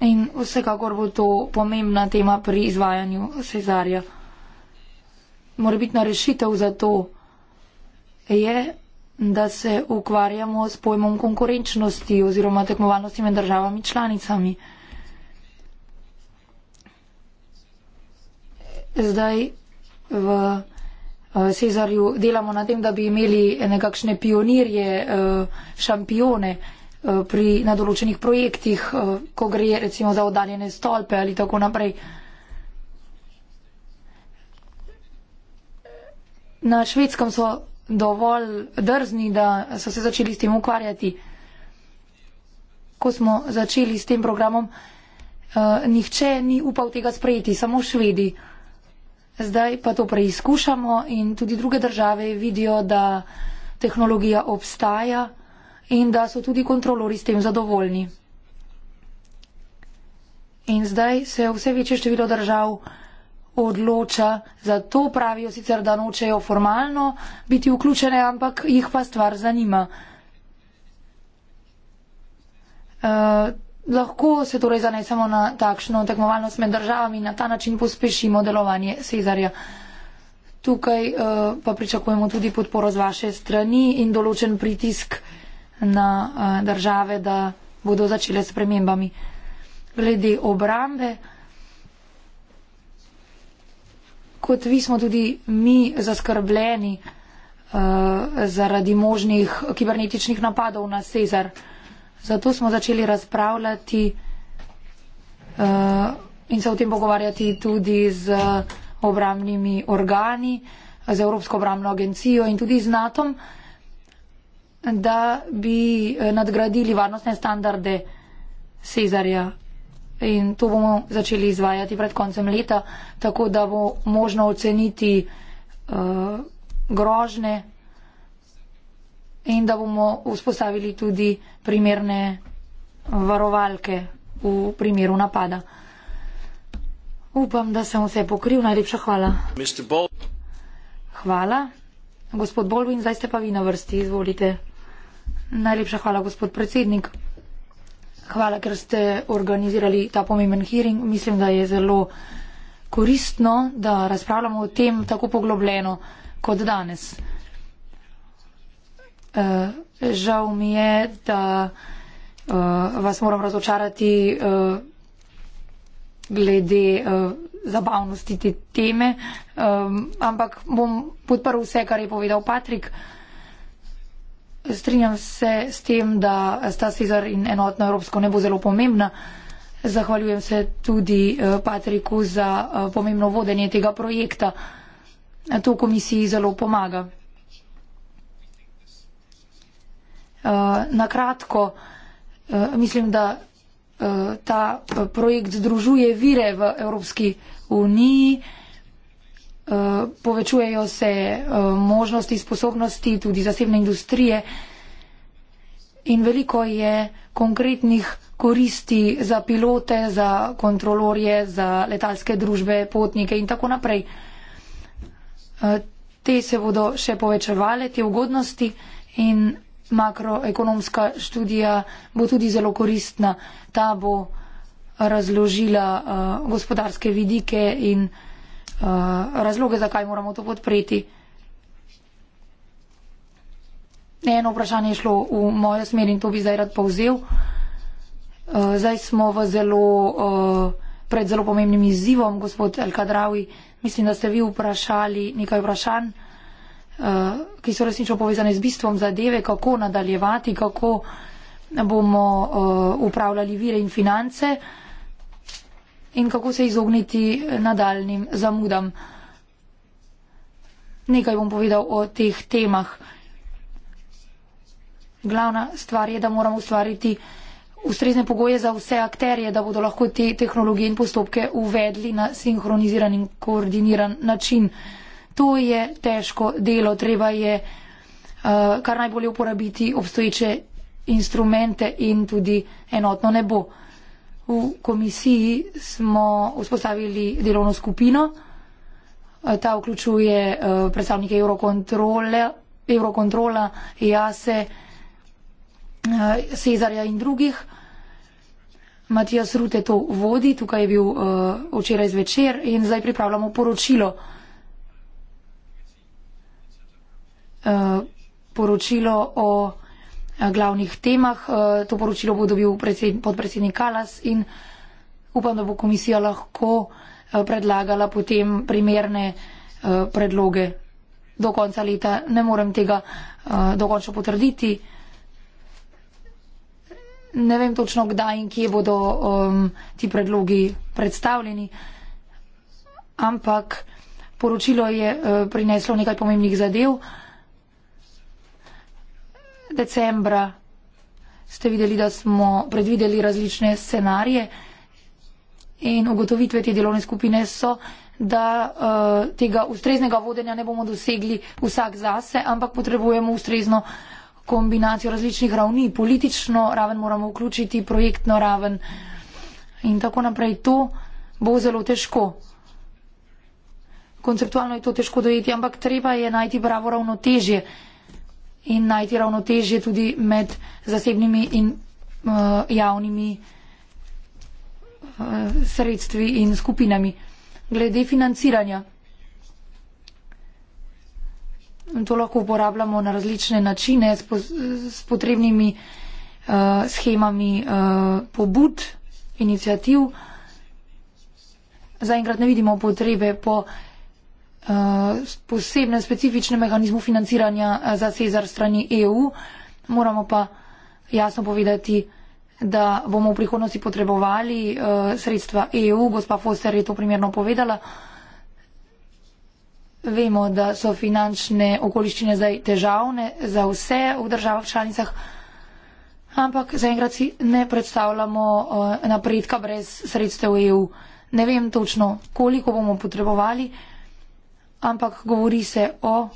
In vsekakor bo to pomembna tema pri izvajanju Cezarja. Morbitna rešitev za to je da se ukvarjamo s pojmom konkurenčnosti oziroma tekmovalnosti med državami članicami. Zdaj v eh, Cezarju delamo na tem, da bi imeli nekakšne pionirje, eh, šampione eh, pri, na določenih projektih, ko gre recimo za oddaljene stolpe ali tako naprej. Na švedskem so dovolj drzni, da so se začeli s tem ukvarjati. Ko smo začeli s tem programom, uh, nihče ni upal tega sprejeti, samo švedi. Zdaj pa to preizkušamo in tudi druge države vidijo, da tehnologija obstaja in da so tudi kontrolori s tem zadovoljni. In zdaj se vse večje število držav uh, odloča. Zato pravijo sicer, da nočejo formalno biti vključene, ampak jih pa stvar zanima. Uh, lahko se torej zanesemo na takšno tekmovalnost med državami in na ta način pospešimo delovanje Cezarja. Tukaj uh, pa pričakujemo tudi podporo z vaše strani in določen pritisk na uh, države, da bodo začele s premembami. Glede obrambe kot vi smo tudi mi zaskrbljeni uh, zaradi možnih kibernetičnih napadov na Cezar. Zato smo začeli razpravljati uh, in se o tem pogovarjati tudi z obramnimi organi, z Evropsko obramno agencijo in tudi z NATO-om, da bi eh, nadgradili varnostne standarde Cezarja in to bomo začeli izvajati pred koncem leta, tako da bo možno oceniti uh, eh, grožne in da bomo vzpostavili tudi primerne eh, varovalke v primeru napada. Upam, da sem vse pokril. Najlepša hvala. Hvala. Gospod Bolvin, zdaj ste pa vi na vrsti. Izvolite. Najlepša hvala, gospod predsednik. Hvala, ker ste organizirali ta pomemben hearing. Mislim, da je zelo koristno, da razpravljamo o tem tako poglobljeno kot danes. Uh, žal mi je, da uh, vas moram razočarati uh, glede uh, zabavnosti te teme, um, ampak bom podprl vse, kar je povedal Patrik. Uh, strinjam se s tem, da sta Cezar in enotna Evropsko ne bo zelo pomembna. Zahvaljujem se tudi eh, Patriku za eh, pomembno vodenje tega projekta. To komisiji zelo pomaga. Eh, na kratko, mislim, da ta projekt združuje vire v Evropski uniji. Eh, povečujejo se eh, možnosti, sposobnosti tudi zasebne industrije in veliko je konkretnih koristi za pilote, za kontrolorje, za letalske družbe, potnike in tako naprej. Eh, te se bodo še povečevale, te ugodnosti in makroekonomska študija bo tudi zelo koristna. Ta bo razložila uh, gospodarske vidike in uh, Eh, razloge, zakaj moramo to podpreti. Eno vprašanje je šlo v mojo smer in to bi zdaj rad povzel. Uh, zdaj smo v zelo, uh, pred zelo pomembnim izzivom, gospod Elkadravi. Mislim, da ste vi vprašali nekaj vprašanj, uh, ki so resnično povezane z bistvom zadeve, kako nadaljevati, kako bomo uh, upravljali vire in finance. Uh, in kako se izogniti nadaljnim zamudam. Nekaj bom povedal o teh temah. Glavna stvar je, da moramo ustvariti ustrezne pogoje za vse akterje, da bodo lahko te tehnologije in postopke uvedli na sinhroniziran in koordiniran način. To je težko delo, treba je eh, kar najbolje uporabiti obstoječe instrumente in tudi enotno nebo. V komisiji smo vzpostavili delovno skupino. E, ta vključuje e, predstavnike Eurokontrola, Jase, e, Cezarja in drugih. Matijas Rute to vodi, tukaj je bil včeraj zvečer in zdaj pripravljamo poročilo. Poročilo o Eh, glavnih temah. Eh, to poročilo bo dobil podpredsednik Kalas in upam, da bo komisija lahko eh, predlagala potem primerne predloge do konca leta. Ne morem tega dokončno potrditi. Ne vem točno, kdaj in kje bodo um, ti predlogi predstavljeni, ampak poročilo je uh, prineslo nekaj pomembnih zadev. Uh, decembra ste videli, da smo predvideli različne scenarije in ugotovitve te delovne skupine so, da uh, tega ustreznega vodenja ne bomo dosegli vsak zase, ampak potrebujemo ustrezno kombinacijo različnih ravni. Politično raven moramo vključiti, projektno raven in tako naprej. To bo zelo težko. Konceptualno je to težko dojeti, ampak treba je najti pravo ravnotežje in najti ravnotežje tudi med zasebnimi in uh, javnimi uh, sredstvi in skupinami. Glede financiranja. To lahko uporabljamo na različne načine s, po, s potrebnimi uh, schemami uh, pobud, inicijativ. Zaenkrat ne vidimo potrebe po uh, eh, posebne specifične mehanizme financiranja eh, za Cezar strani EU. Moramo pa jasno povedati, da bomo v prihodnosti potrebovali uh, sredstva EU. Gospa Foster je to primerno povedala. Vemo, da so finančne okoliščine zdaj težavne za vse v državah članicah, ampak zaenkrat si ne predstavljamo uh, napredka brez sredstev EU. Ne vem točno, koliko bomo potrebovali, uh, ampak govori se o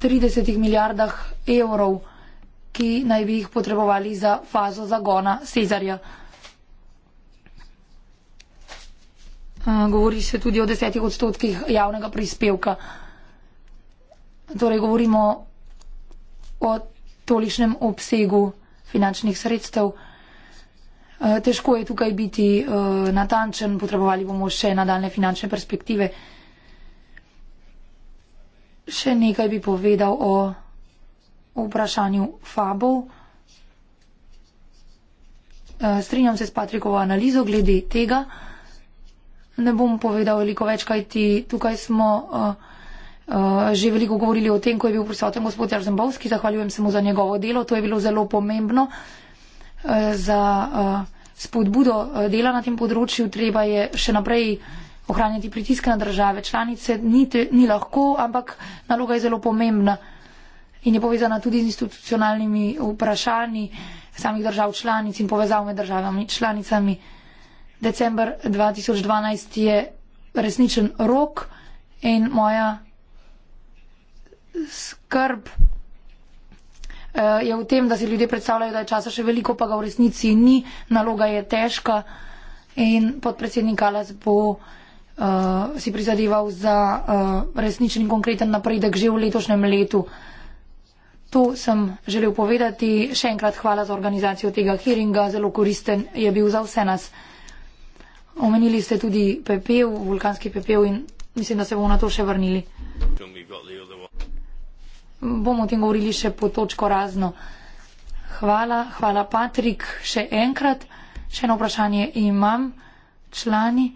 30 milijardah evrov, ki naj bi jih potrebovali za fazo zagona Cezarja. Eh, govori se tudi o desetih odstotkih javnega prispevka. Torej govorimo o tolišnem obsegu finančnih sredstev. Eh, težko je tukaj biti eh, natančen, potrebovali bomo še nadaljne finančne perspektive še nekaj bi povedal o vprašanju fabov. E, strinjam se s Patrikovo analizo glede tega. Ne bom povedal veliko več, kaj ti tukaj smo e, e, že veliko govorili o tem, ko je bil prisoten gospod Jarzembovski. Zahvaljujem se mu za njegovo delo. To je bilo zelo pomembno za spodbudo dela na tem področju. Treba je še naprej ohranjati pritiske na države članice ni, te, ni lahko, ampak naloga je zelo pomembna in je povezana tudi z institucionalnimi vprašanji samih držav članic in povezav med državami članicami. December 2012 je resničen rok in moja skrb eh, je v tem, da si ljudje predstavljajo, da je časa še veliko, pa ga v resnici ni, naloga je težka in podpredsednik Alas bo uh, si prizadeval za uh, resničen in konkreten napredek že v letošnjem letu. To sem želel povedati. Še enkrat hvala za organizacijo tega hearinga, zelo koristen je bil za vse nas. Omenili ste tudi pepel, vulkanski pepel in mislim, da se bomo na to še vrnili. Bomo o tem govorili še po točko razno. Hvala, hvala Patrik, še enkrat. Še eno vprašanje imam, člani.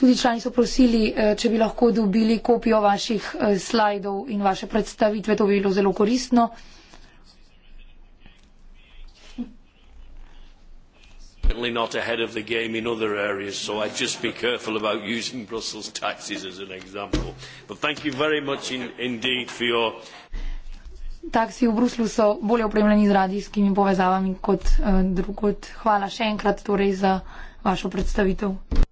Tudi člani so prosili, eh, če bi lahko dobili kopijo vaših eh, slajdov in vaše predstavitve, to bi bilo zelo koristno. Taksi v Bruslu so bolje opremljeni z radijskimi povezavami kot eh, drugot. Hvala še enkrat torej za vašo predstavitev.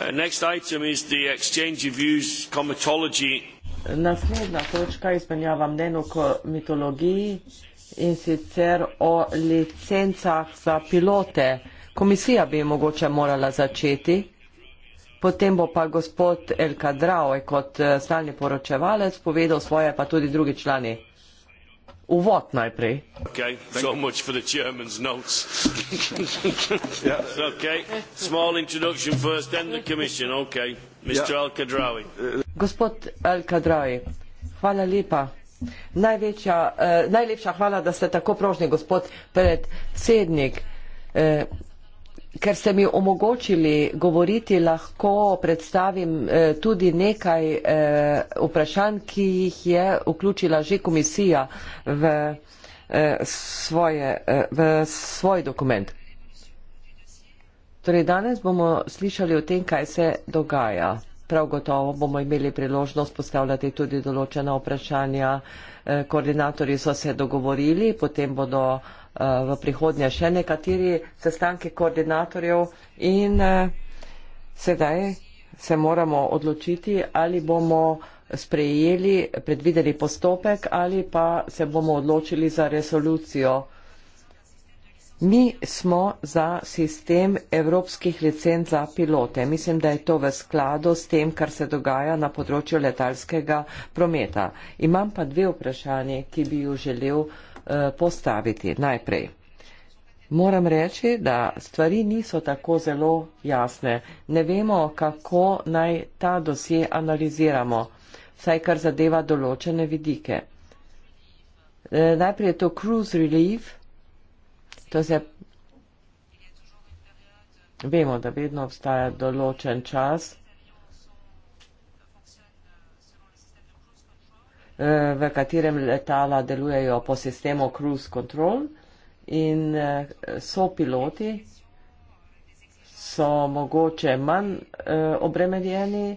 Uh, next item is the exchange of views comitology. Naslednja točka izmenjava mnen o komitologiji in sicer o licencah za pilote. Komisija bi mogoče morala začeti, potem bo pa gospod El Kadrao kot eh, stalni poročevalec povedal svoje, pa tudi drugi člani. Uvod najprej. Okay, so much for the chairman's notes. yeah. Okay, small introduction first, then the commission. Okay, Mr. Yeah. Al-Kadrawi. Gospod Al-Kadrawi, hvala lepa. Največja, uh, najlepša hvala, da ste tako prožni, gospod predsednik. Uh, ker ste mi omogočili govoriti, lahko predstavim eh, tudi nekaj eh, vprašanj, ki jih je vključila že komisija v, eh, svoje, v svoj dokument. Torej, danes bomo slišali o tem, kaj se dogaja. Prav gotovo bomo imeli priložnost postavljati tudi določena vprašanja. Koordinatorji so se dogovorili, potem bodo Eh, v prihodnje še nekateri sestanki koordinatorjev in eh, sedaj se moramo odločiti, ali bomo sprejeli predvideni postopek ali pa se bomo odločili za resolucijo. Mi smo za sistem evropskih licenc za pilote. Mislim, da je to v skladu s tem, kar se dogaja na področju letalskega prometa. Imam pa dve vprašanje, ki bi jo želel uh, Eh, postaviti najprej. Moram reči, da stvari niso tako zelo jasne. Ne vemo, kako naj ta dosje analiziramo, saj kar zadeva določene vidike. Eh, najprej je to cruise relief, to se vemo, da vedno obstaja določen čas, v katerem letala delujejo po sistemu cruise control in eh, so piloti so mogoče manj eh, obremenjeni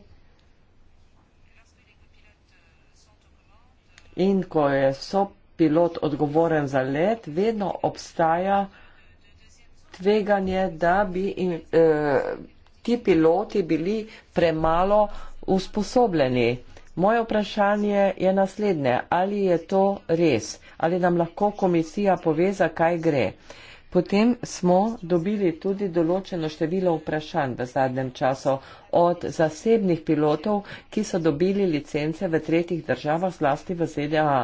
in ko je so pilot odgovoren za let, vedno obstaja tveganje, da bi in, e, ti piloti bili premalo usposobljeni. Moje vprašanje je naslednje, ali je to res, ali nam lahko komisija pove, zakaj gre. Potem smo dobili tudi določeno število vprašanj v zadnjem času od zasebnih pilotov, ki so dobili licence v tretjih državah, zlasti v ZDA.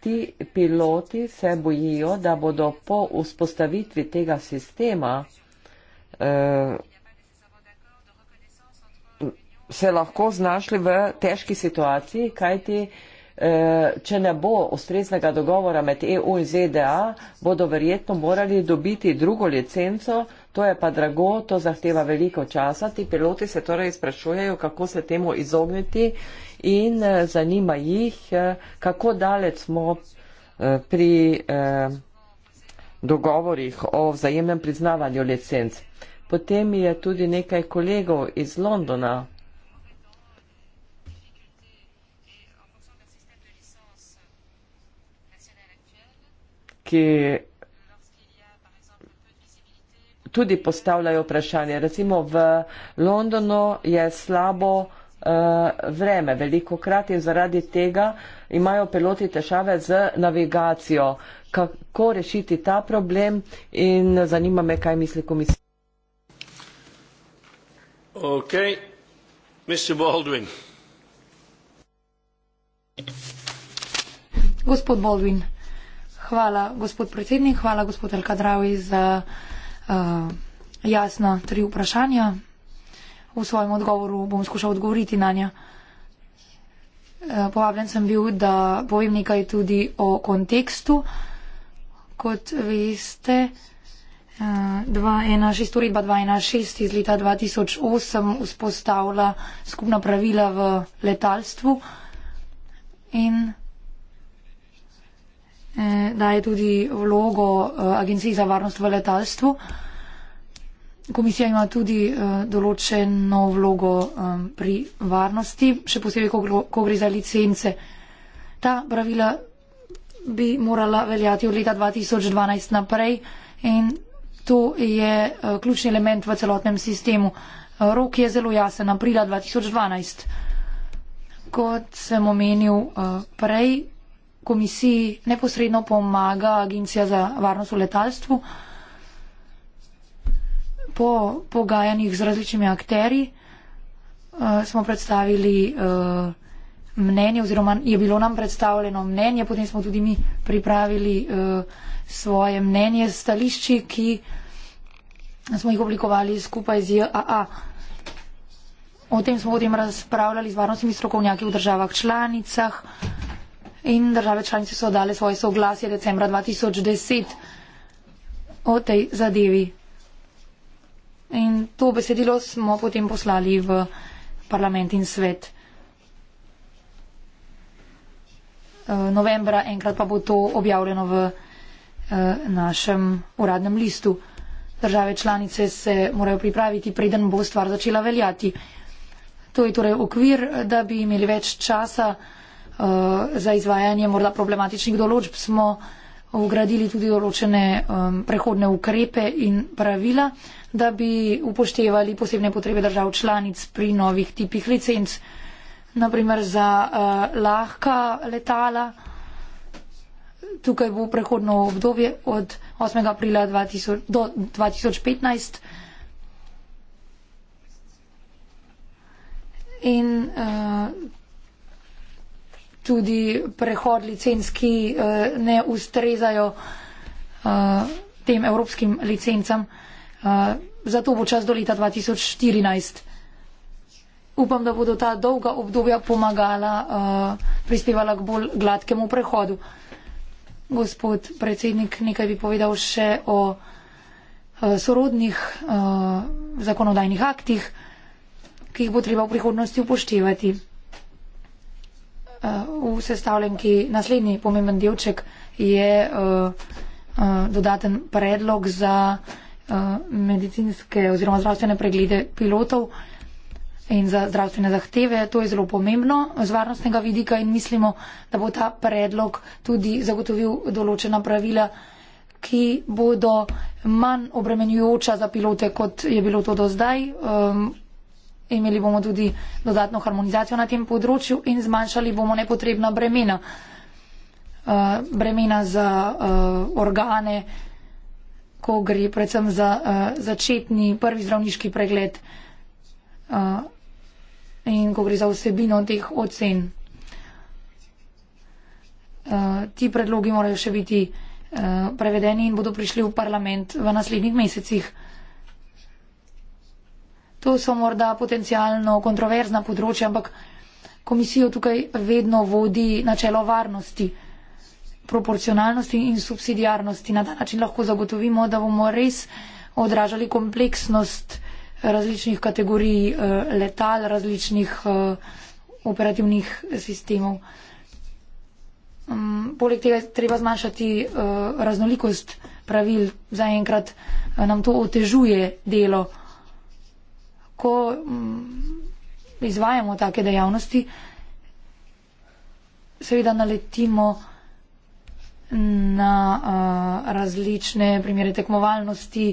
Ti piloti se bojijo, da bodo po vzpostavitvi tega sistema eh, se lahko znašli v težki situaciji, kajti eh, če ne bo ustreznega dogovora med EU in ZDA, bodo verjetno morali dobiti drugo licenco, to je pa drago, to zahteva veliko časa. Ti piloti se torej sprašujejo, kako se temu izogniti in eh, zanima jih, eh, kako daleč smo pri dogovorih o vzajemnem priznavanju licenc. Potem je tudi nekaj kolegov iz Londona ki tudi postavljajo vprašanje. Recimo v Londonu je slabo eh, vreme veliko krat in zaradi tega imajo piloti težave z navigacijo. Kako rešiti ta problem in zanima me, kaj misli komisija. Ok, Mr. Baldwin. Gospod Baldwin. Hvala, gospod predsednik, hvala, gospod Elkadravi, za uh, jasna tri vprašanja. V svojem odgovoru bom skušal odgovoriti na nja. Uh, povabljen sem bil, da povem nekaj tudi o kontekstu. Kot veste, 2.1.6, uh, uredba 2.1.6 iz leta 2008 vzpostavlja skupna pravila v letalstvu in Eh, daje tudi vlogo eh, Agenciji za varnost v letalstvu. Komisija ima tudi eh, določeno vlogo pri varnosti, še posebej, ko gre za licence. Ta pravila bi morala veljati od leta 2012 naprej in to je ključni element v celotnem sistemu. Rok je zelo jasen, aprila 2012. Kot sem omenil prej, komisiji neposredno pomaga Agencija za varnost v letalstvu po pogajanjih z različnimi akteri. Uh, eh, smo predstavili uh, mnenje oziroma je bilo nam predstavljeno mnenje, potem smo tudi mi pripravili uh, svoje mnenje s stališči, ki smo jih oblikovali skupaj z JAA. O tem smo potem razpravljali z varnostnimi strokovnjaki v državah članicah. Uh, in države članice so dale svoje soglasje decembra 2010 o tej zadevi. In to besedilo smo potem poslali v parlament in svet. Eh, novembra enkrat pa bo to objavljeno v eh, našem uradnem listu. Države članice se morajo pripraviti, preden bo stvar začela veljati. To je torej okvir, da bi imeli več časa. Eh, za izvajanje morda problematičnih določb smo ugradili tudi določene um, prehodne ukrepe in pravila, da bi upoštevali posebne potrebe držav članic pri novih tipih licenc, naprimer za uh, lahka letala. Tukaj bo prehodno obdobje od 8. aprila 2000, do 2015. In uh, tudi prehod licenc, ki eh, ne ustrezajo eh, tem evropskim licencam. Eh, zato bo čas do leta 2014. Upam, da bodo ta dolga obdobja pomagala, prispevala k bolj gladkemu prehodu. Gospod predsednik, nekaj bi povedal še o sorodnih zakonodajnih aktih, ki jih bo treba v prihodnosti upoštevati v sestavljenki naslednji pomemben delček je eh, eh, dodaten predlog za eh, medicinske oziroma zdravstvene preglede pilotov in za zdravstvene zahteve. To je zelo pomembno z varnostnega vidika in mislimo, da bo ta predlog tudi zagotovil določena pravila, ki bodo manj obremenjujoča za pilote, kot je bilo to do zdaj. Ehm, imeli bomo tudi dodatno harmonizacijo na tem področju in zmanjšali bomo nepotrebna bremena. Eh, bremena za eh, organe, ko gre predvsem za eh, začetni prvi zdravniški pregled in ko gre za vsebino teh ocen. Ti predlogi morajo še biti prevedeni in bodo prišli v parlament v naslednjih mesecih. To so morda potencijalno kontroverzna področja, ampak komisijo tukaj vedno vodi načelo varnosti, proporcionalnosti in subsidijarnosti. Na ta način lahko zagotovimo, da bomo res odražali kompleksnost eh, različnih kategorij eh, letal, različnih eh, operativnih sistemov. Mm, poleg tega je treba zmanjšati raznolikost pravil. Zaenkrat nam to otežuje delo ko mm, izvajamo take dejavnosti, seveda naletimo na uh, različne primere tekmovalnosti,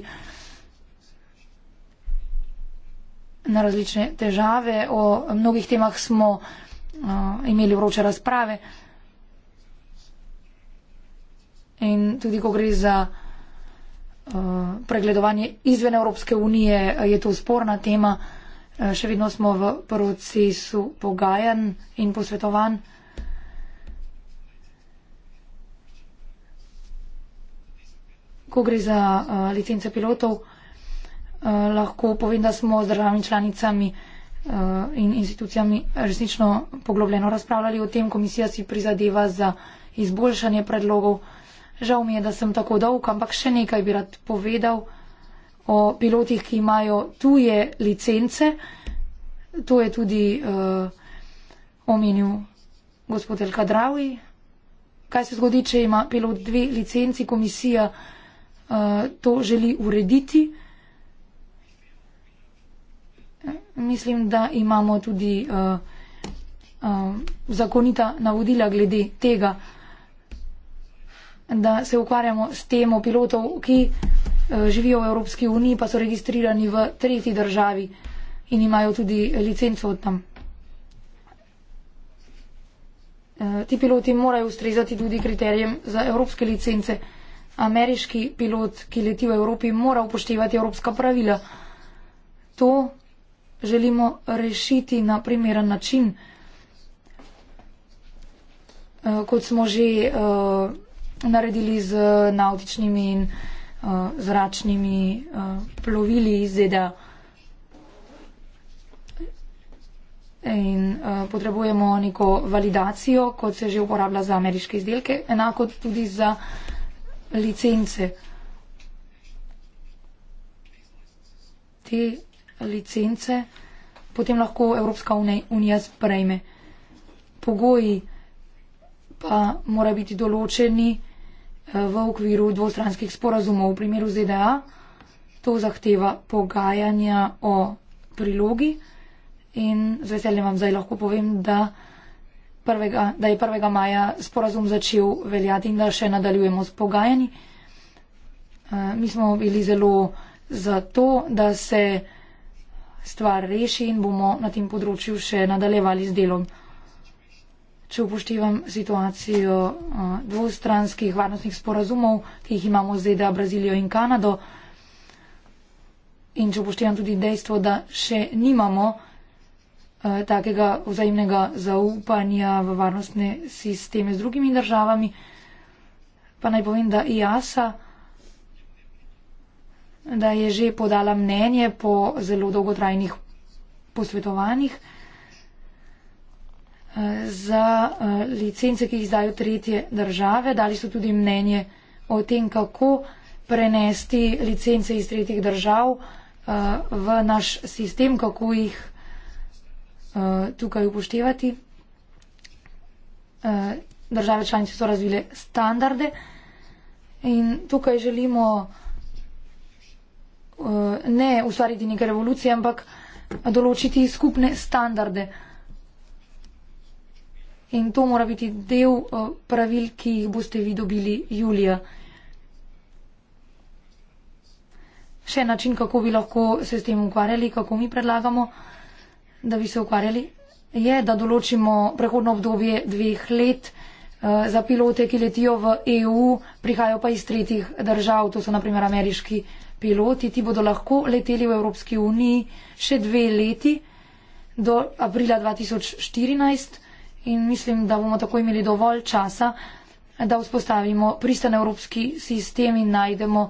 na različne težave. O mnogih temah smo uh, imeli vroče razprave. In tudi, ko gre za Eh, pregledovanje izven Evropske unije, eh, je to sporna tema. Eh, še vedno smo v procesu pogajanj in posvetovanj. Ko gre za uh, licence pilotov, uh, lahko povem, da smo z državami članicami uh, in institucijami resnično poglobljeno razpravljali o tem. Komisija si prizadeva za izboljšanje predlogov. Žal mi je, da sem tako dolg, ampak še nekaj bi rad povedal o pilotih, ki imajo tuje licence. To je tudi uh, omenil gospod El Kadravi. Kaj se zgodi, če ima pilot dve licenci, komisija uh, to želi urediti. Mislim, da imamo tudi uh, uh, zakonita navodila glede tega da se ukvarjamo s temo pilotov, ki eh, živijo v Evropski uniji, pa so registrirani v tretji državi in imajo tudi licenco od tam. Eh, ti piloti morajo ustrezati tudi kriterijem za evropske licence. Ameriški pilot, ki leti v Evropi, mora upoštevati evropska pravila. To želimo rešiti na primeren način. Eh, kot smo že naredili z nautičnimi in uh, zračnimi uh, plovili iz ZDA. In uh, potrebujemo neko validacijo, kot se že uporablja za ameriške izdelke, enako tudi za licence. Te licence potem lahko Evropska unija sprejme. Pogoji pa mora biti določeni v okviru dvostranskih sporazumov v primeru ZDA. To zahteva pogajanja o prilogi in z veseljem vam zdaj lahko povem, da, prvega, da je 1. maja sporazum začel veljati in da še nadaljujemo s pogajanji. Eh, mi smo bili zelo za to, da se stvar reši in bomo na tem področju še nadaljevali z delom če upoštevam situacijo dvostranskih varnostnih sporazumov, ki jih imamo z ZDA, Brazilijo in Kanado, in če upoštevam tudi dejstvo, da še nimamo takega vzajemnega zaupanja v varnostne sisteme z drugimi državami, pa naj povem, da IASA da je že podala mnenje po zelo dolgotrajnih posvetovanjih za eh, licence, ki jih izdajo tretje države. Dali so tudi mnenje o tem, kako prenesti licence iz tretjih držav eh, v naš sistem, kako jih eh, tukaj upoštevati. Države članice so razvile standarde in tukaj želimo ne ustvariti neke revolucije, ampak določiti skupne standarde. In to mora biti del eh, pravil, ki jih boste vi dobili julija. Še način, kako bi lahko se s tem ukvarjali, kako mi predlagamo, da bi se ukvarjali, je, da določimo prehodno obdobje dveh let eh, za pilote, ki letijo v EU, prihajajo pa iz tretjih držav, to so naprimer ameriški piloti, ti bodo lahko leteli v Evropski uniji še dve leti do aprila 2014 in mislim, da bomo tako imeli dovolj časa, da vzpostavimo pristan evropski sistem in najdemo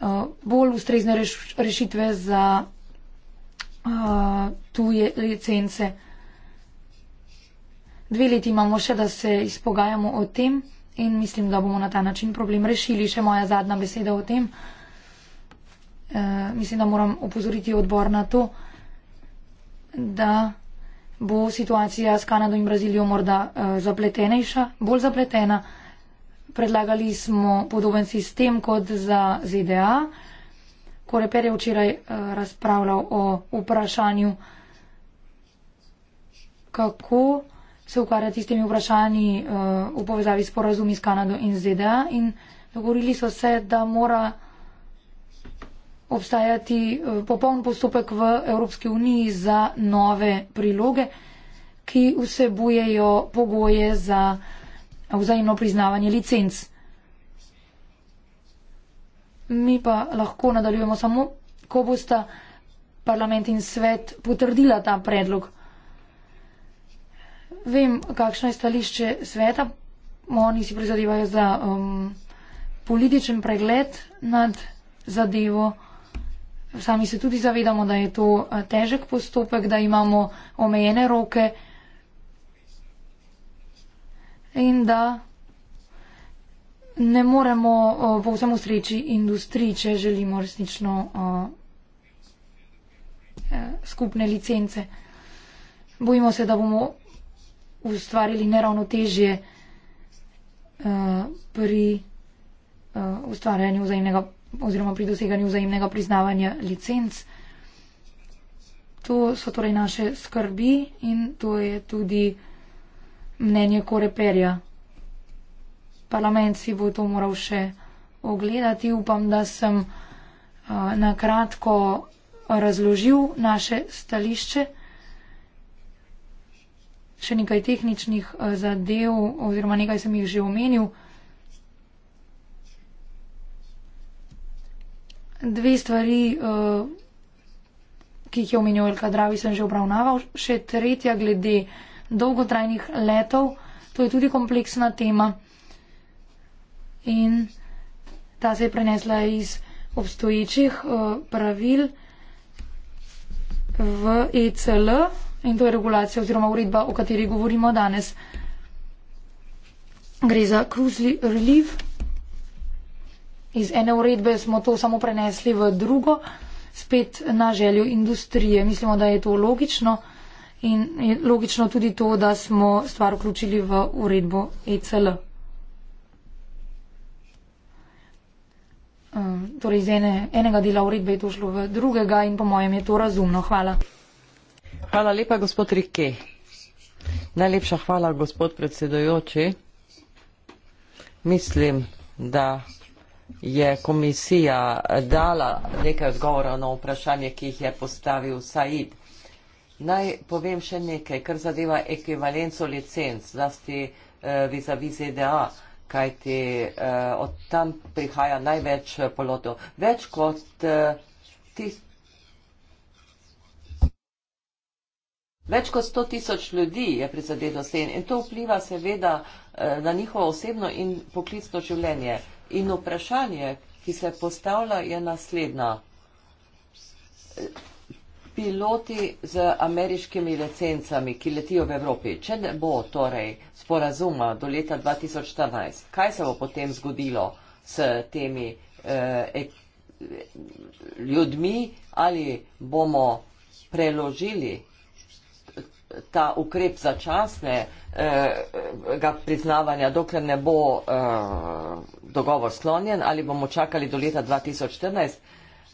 eh, bolj ustrezne rešitve za eh, tuje licence. Dve leti imamo še, da se izpogajamo o tem in mislim, da bomo na ta način problem rešili. Še moja zadnja beseda o tem. Eh, mislim, da moram opozoriti odbor na to, da bo situacija s Kanado in Brazilijo morda uh, zapletenejša, bolj zapletena. Predlagali smo podoben sistem kot za ZDA. Koreper je včeraj uh, razpravljal o vprašanju, kako se ukvarjati s temi vprašanji uh, v povezavi s porazumi s Kanado in ZDA. In dogovorili so se, da mora obstajati eh, popoln postopek v Evropski uniji za nove priloge, ki vsebujejo pogoje za vzajemno priznavanje licenc. Mi pa lahko nadaljujemo samo, ko bosta parlament in svet potrdila ta predlog. Vem, kakšno je stališče sveta. Oni si prizadevajo za um, političen pregled nad zadevo. Sami se tudi zavedamo, da je to eh, težek postopek, da imamo omejene roke in da ne moremo eh, povsem ustreči industriji, če želimo resnično eh, skupne licence. Bojimo se, da bomo ustvarili neravnotežje pri ustvarjanju vzajemnega oziroma pri doseganju vzajemnega priznavanja licenc. To so torej naše skrbi in to je tudi mnenje koreperja. Parlament si bo to moral še ogledati. Upam, da sem uh, nakratko razložil naše stališče. Še nekaj tehničnih uh, zadev oziroma nekaj sem jih že omenil. dve stvari, uh, ki jih je omenil Elka Dravi, sem že obravnaval. Še tretja glede dolgotrajnih letov, to je tudi kompleksna tema in ta se je prenesla iz obstoječih uh, pravil v ECL in to je regulacija oziroma uredba, o kateri govorimo danes. Gre za cruise relief iz ene uredbe smo to samo prenesli v drugo, spet na željo industrije. Mislimo, da je to logično in je logično tudi to, da smo stvar vključili v uredbo ECL. Ehm, torej iz ene, enega dela uredbe je to šlo v drugega in po mojem je to razumno. Hvala. Hvala lepa, gospod Rike. Najlepša hvala, gospod predsedojoči. Mislim, da je komisija dala nekaj odgovorov na vprašanje, ki jih je postavil Said. Naj povem še nekaj, kar zadeva ekvivalenco licenc, zlasti eh, vizavi eh, ZDA, kajti eh, od tam prihaja največ eh, polotov. Več kot eh, tis... Več kot 100 tisoč ljudi je prizadeto s tem in to vpliva seveda eh, na njihovo osebno in poklicno življenje. In vprašanje, ki se postavlja, je naslednja. Piloti z ameriškimi licencami, ki letijo v Evropi, če ne bo torej sporazuma do leta 2014, kaj se bo potem zgodilo s temi eh, eh ljudmi ali bomo preložili ta ukrep začasnega eh, priznavanja, dokler ne bo eh, dogovor sklonjen, ali bomo čakali do leta 2014,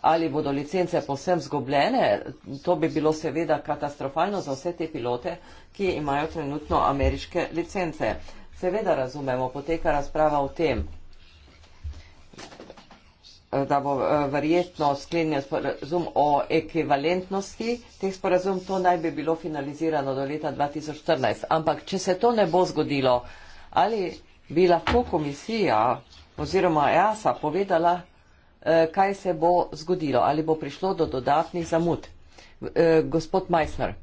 ali bodo licence povsem zgobljene, to bi bilo seveda katastrofalno za vse te pilote, ki imajo trenutno ameriške licence. Seveda razumemo, poteka razprava o tem da bo eh, verjetno sklenjen sporazum o ekvivalentnosti teh sporazum, to naj bi bilo finalizirano do leta 2014. Ampak, če se to ne bo zgodilo, ali bi lahko komisija oziroma EASA povedala, eh, kaj se bo zgodilo, ali bo prišlo do dodatnih zamud? Eh, gospod Meissner.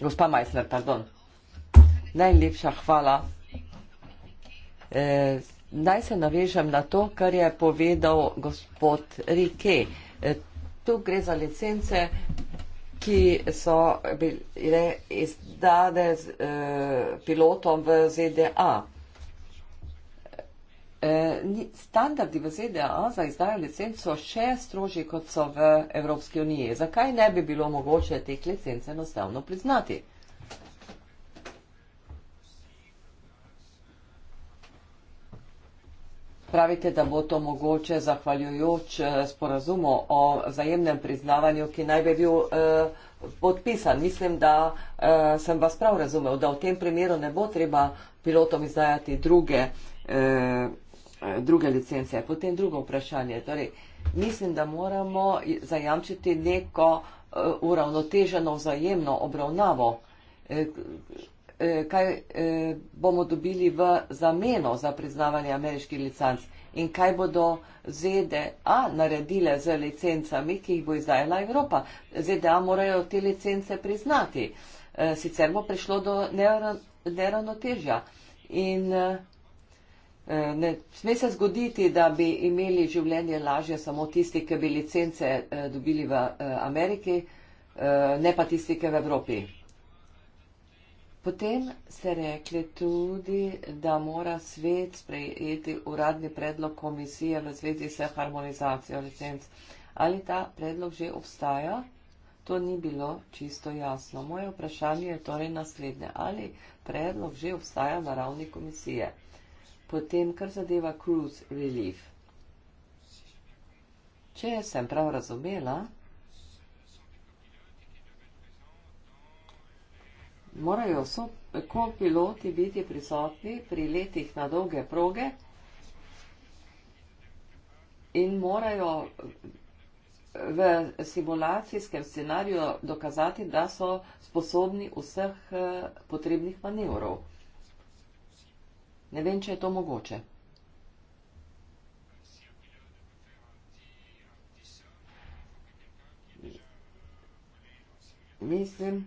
Gospa Meissner, pardon. Najlepša hvala. Eh, Naj se navežem na to, kar je povedal gospod Rike. E, tu gre za licence, ki so bile izdane z, eh, pilotom v ZDA. E, standardi v ZDA za izdajo licenc so še strožji, kot so v Evropski uniji. Zakaj ne bi bilo mogoče teh licenc enostavno priznati? Pravite, da bo to mogoče zahvaljujoč eh, sporazumu o zajemnem priznavanju, ki naj bi bil eh, podpisan. Mislim, da eh, sem vas prav razumel, da v tem primeru ne bo treba pilotom izdajati druge, druge licence. Potem drugo vprašanje. Torej, mislim, da moramo zajamčiti neko uravnoteženo vzajemno obravnavo. Eh, kaj eh, bomo dobili v zameno za priznavanje ameriških licenc in kaj bodo ZDA naredile z licencami, ki jih bo izdajala Evropa. ZDA morajo te licence priznati, eh, sicer bo prišlo do neravnotežja. In ne sme se zgoditi, da bi imeli življenje lažje samo tisti, ki bi licence dobili v Ameriki, ne pa tisti, ki v Evropi. Potem ste rekli tudi, da mora svet sprejeti uradni predlog komisije v zvezi s harmonizacijo licenc. Ali ta predlog že obstaja? To ni bilo čisto jasno. Moje vprašanje je torej naslednje. Ali predlog že obstaja na ravni komisije? Potem, kar zadeva cruise relief. Če sem prav razumela, morajo so kopiloti biti prisotni pri letih na dolge proge in morajo v simulacijskem scenariju dokazati, da so sposobni vseh eh, potrebnih manevrov. Ne vem, če je to mogoče. Mislim,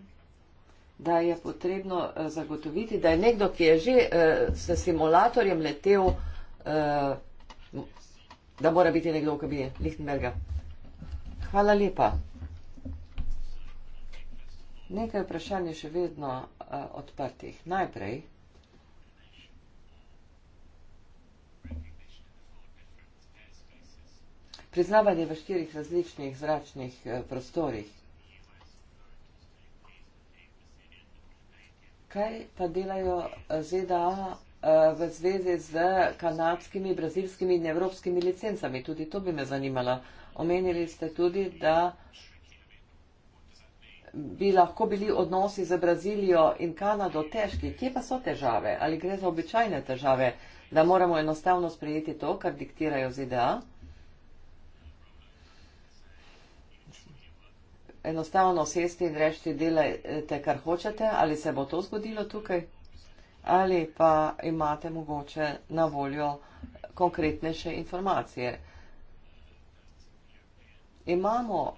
da je potrebno eh, zagotoviti, da je nekdo, ki je že eh, s simulatorjem letel, eh, da mora biti nekdo v kabini Lichtenberga. Hvala lepa. Nekaj vprašanj je še vedno odprtih. Najprej. Priznavanje v štirih različnih zračnih prostorih. kaj pa delajo eh, ZDA eh, v zvezi z kanadskimi, brazilskimi in evropskimi licencami? Tudi to bi me zanimalo. Omenili ste tudi, da bi lahko bili odnosi z Brazilijo in Kanado težki. Kje pa so težave? Ali gre za običajne težave, da moramo enostavno sprejeti to, kar diktirajo ZDA? enostavno sesti in reči, delajte, kar hočete, ali se bo to zgodilo tukaj, ali pa imate mogoče na voljo konkretnejše informacije. Imamo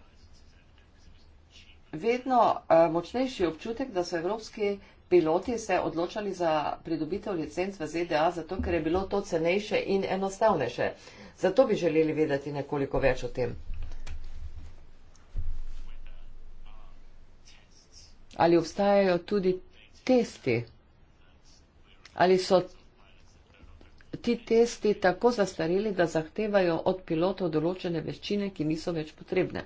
vedno eh, močnejši občutek, da so evropski piloti se odločali za pridobitev licenc v ZDA, zato ker je bilo to cenejše in enostavnejše. Zato bi želeli vedeti nekoliko več o tem. Ali obstajajo tudi testi? Ali so ti testi tako zastareli, da zahtevajo od pilotov določene veščine, ki niso več potrebne?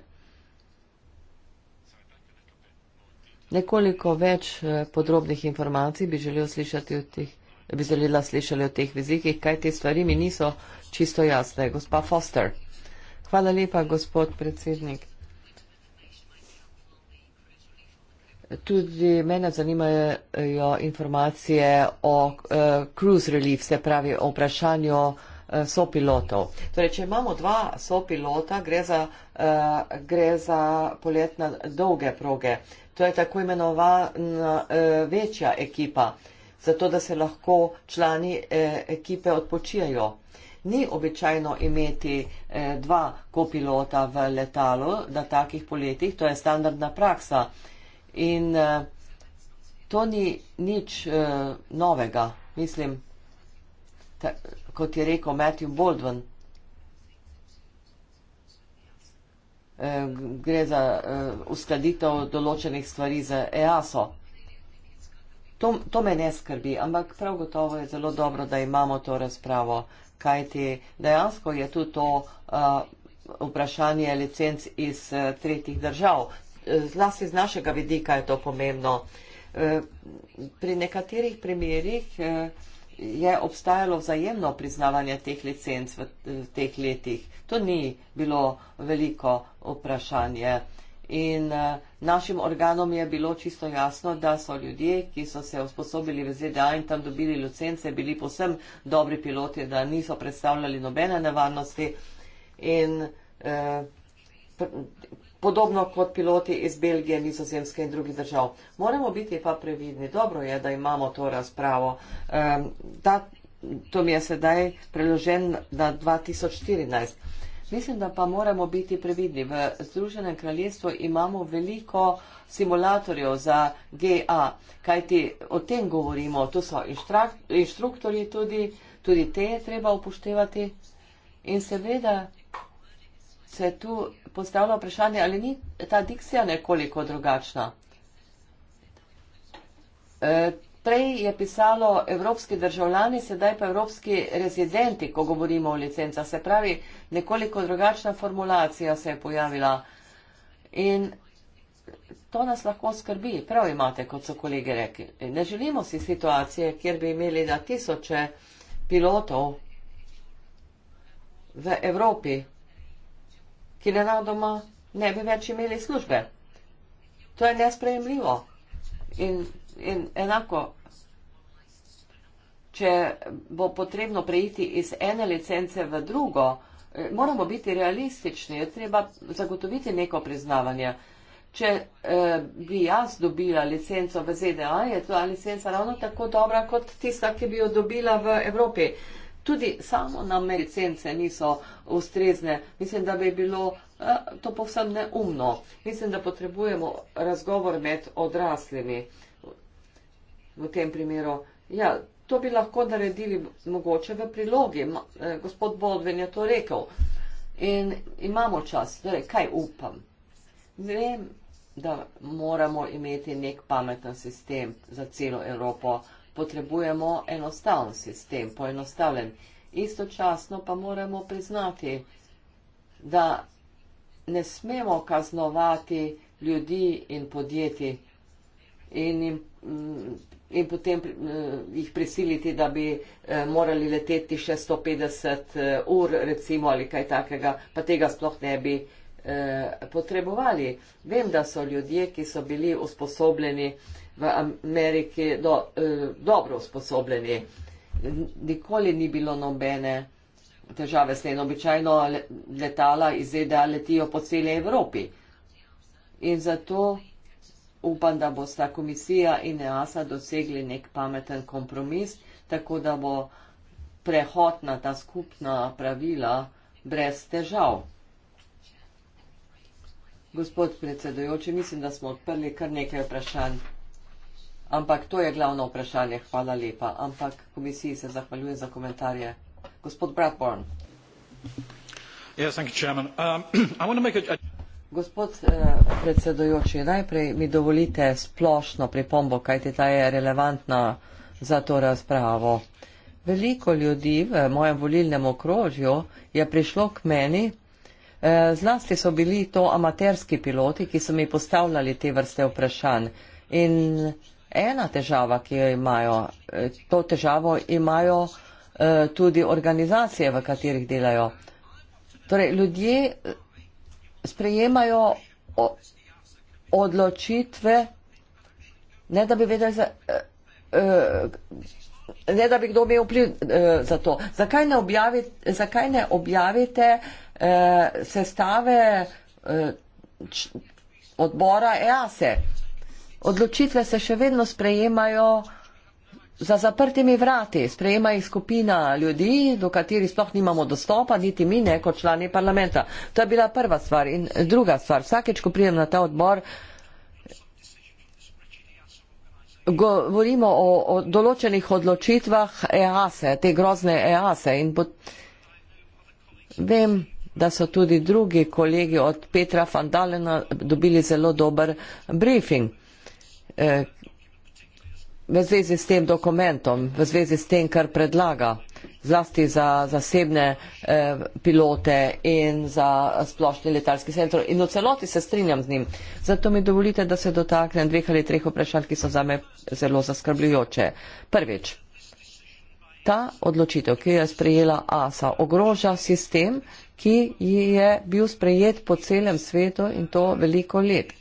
Nekoliko več eh, podrobnih informacij bi želel slišati od teh bi želela slišali o teh vizikih, kaj te stvari mi niso čisto jasne. Gospa Foster. Hvala lepa, gospod predsednik. Tudi mene zanimajo informacije o uh, cruise relief, se pravi o vprašanju uh, sopilotov. Torej, če imamo dva sopilota, gre za, uh, gre za poletne dolge proge. To je tako imenovana uh, večja ekipa, zato da se lahko člani uh, ekipe odpočijajo. Ni običajno imeti uh, dva kopilota v letalu na takih poletih, to je standardna praksa. In eh, to ni nič eh, novega, mislim, kot je rekel Matthew Baldwin. Eh, gre za uskladitev določenih stvari z EASO. To, to me ne skrbi, ampak prav gotovo je zelo dobro, da imamo to razpravo, kajti dejansko je tudi to uh, vprašanje licenc iz uh, tretjih držav zlasti z našega vidika je to pomembno. E, pri nekaterih primerjih e, je obstajalo vzajemno priznavanje teh licenc v e, teh letih. To ni bilo veliko vprašanje. In našim organom je bilo čisto jasno, da so ljudje, ki so se usposobili v ZDA in tam dobili licence, bili posem dobri piloti, da niso predstavljali nobene nevarnosti. In eh, podobno kot piloti iz Belgije, Nizozemske in drugih držav. Moramo biti pa previdni. Dobro je, da imamo to razpravo. Um, ta, to mi je sedaj preložen na 2014. Mislim, da pa moramo biti previdni. V Združenem kraljestvu imamo veliko simulatorjev za GA, kajti o tem govorimo. Tu so inštruktori tudi, tudi te je treba upoštevati. In seveda se je tu postavilo vprašanje, ali ni ta dikcija nekoliko drugačna. E, prej je pisalo evropski državljani, sedaj pa evropski rezidenti, ko govorimo o licencah. Se pravi, nekoliko drugačna formulacija se je pojavila. In to nas lahko skrbi. Prav imate, kot so kolege rekli. Ne želimo si situacije, kjer bi imeli na tisoče pilotov v Evropi ki ne radoma ne bi več imeli službe. To je nesprejemljivo. In, in enako, če bo potrebno preiti iz ene licence v drugo, eh, moramo biti realistični, je treba zagotoviti neko priznavanje. Če eh, bi jaz dobila licenco v ZDA, je ta licenca ravno tako dobra kot tista, ki bi jo dobila v Evropi. Eh, tudi samo nam recence niso ustrezne. Mislim, da bi bilo eh, to povsem neumno. Mislim, da potrebujemo razgovor med odraslimi v tem primeru. Ja, to bi lahko naredili mogoče v prilogi. Eh, gospod Bodven je to rekel. In imamo čas. Torej, kaj upam? Vem, da moramo imeti nek pameten sistem za celo Evropo potrebujemo enostaven sistem, poenostavljen. Istočasno pa moramo priznati, da ne smemo kaznovati ljudi in podjetij in, jim, mm, in potem eh, jih prisiliti, da bi eh, morali leteti še 150 eh, ur recimo ali kaj takega, pa tega sploh ne bi potrebovali. Vem, da so ljudje, ki so bili usposobljeni v Ameriki do, eh, dobro usposobljeni. Nikoli ni bilo nobene težave s tem. Običajno letala iz ZDA letijo po celi Evropi. In zato upam, da bo sta komisija in EASA dosegli nek pameten kompromis, tako da bo prehod na ta skupna pravila brez težav. Gospod predsedujoči, mislim, da smo odprli kar nekaj vprašanj. Ampak to je glavno vprašanje. Hvala lepa. Ampak komisiji se zahvaljujem za komentarje. Gospod Bradborn. Yes, thank you, chairman. Um, I want to make a... Gospod eh, predsedujoči, najprej mi dovolite splošno pripombo, kajte ta je relevantna za to razpravo. Veliko ljudi v mojem volilnem okrožju je prišlo k meni, eh, zlasti so bili to amaterski piloti, ki so mi postavljali te vrste vprašanj. In ena težava, ki jo imajo. E, to težavo imajo e, tudi organizacije, v katerih delajo. Torej, ljudje e, sprejemajo odločitve, ne da bi vedeli, za, ne da bi kdo imel vpliv za to. Zakaj ne, objavi, zakaj ne objavite sestave odbora EASE? odločitve se še vedno sprejemajo za zaprtimi vrati. Sprejema jih skupina ljudi, do katerih sploh nimamo dostopa, niti mi ne kot člani parlamenta. To je bila prva stvar. In druga stvar, vsakeč, ko pridem na ta odbor, govorimo o, o določenih odločitvah EASE, e, te grozne EASE. E. In pot... vem, da so tudi drugi kolegi od Petra Fandalena dobili zelo dober briefing. Eh, v zvezi s tem dokumentom, v zvezi s tem, kar predlaga zlasti za zasebne eh, pilote in za splošni letalski center. In v celoti se strinjam z njim. Zato mi dovolite, da se dotaknem dveh ali treh vprašanj, ki so za me zelo zaskrbljujoče. Prvič, ta odločitev, ki je sprejela ASA, ogroža sistem, ki je bil sprejet po celem svetu in to veliko let.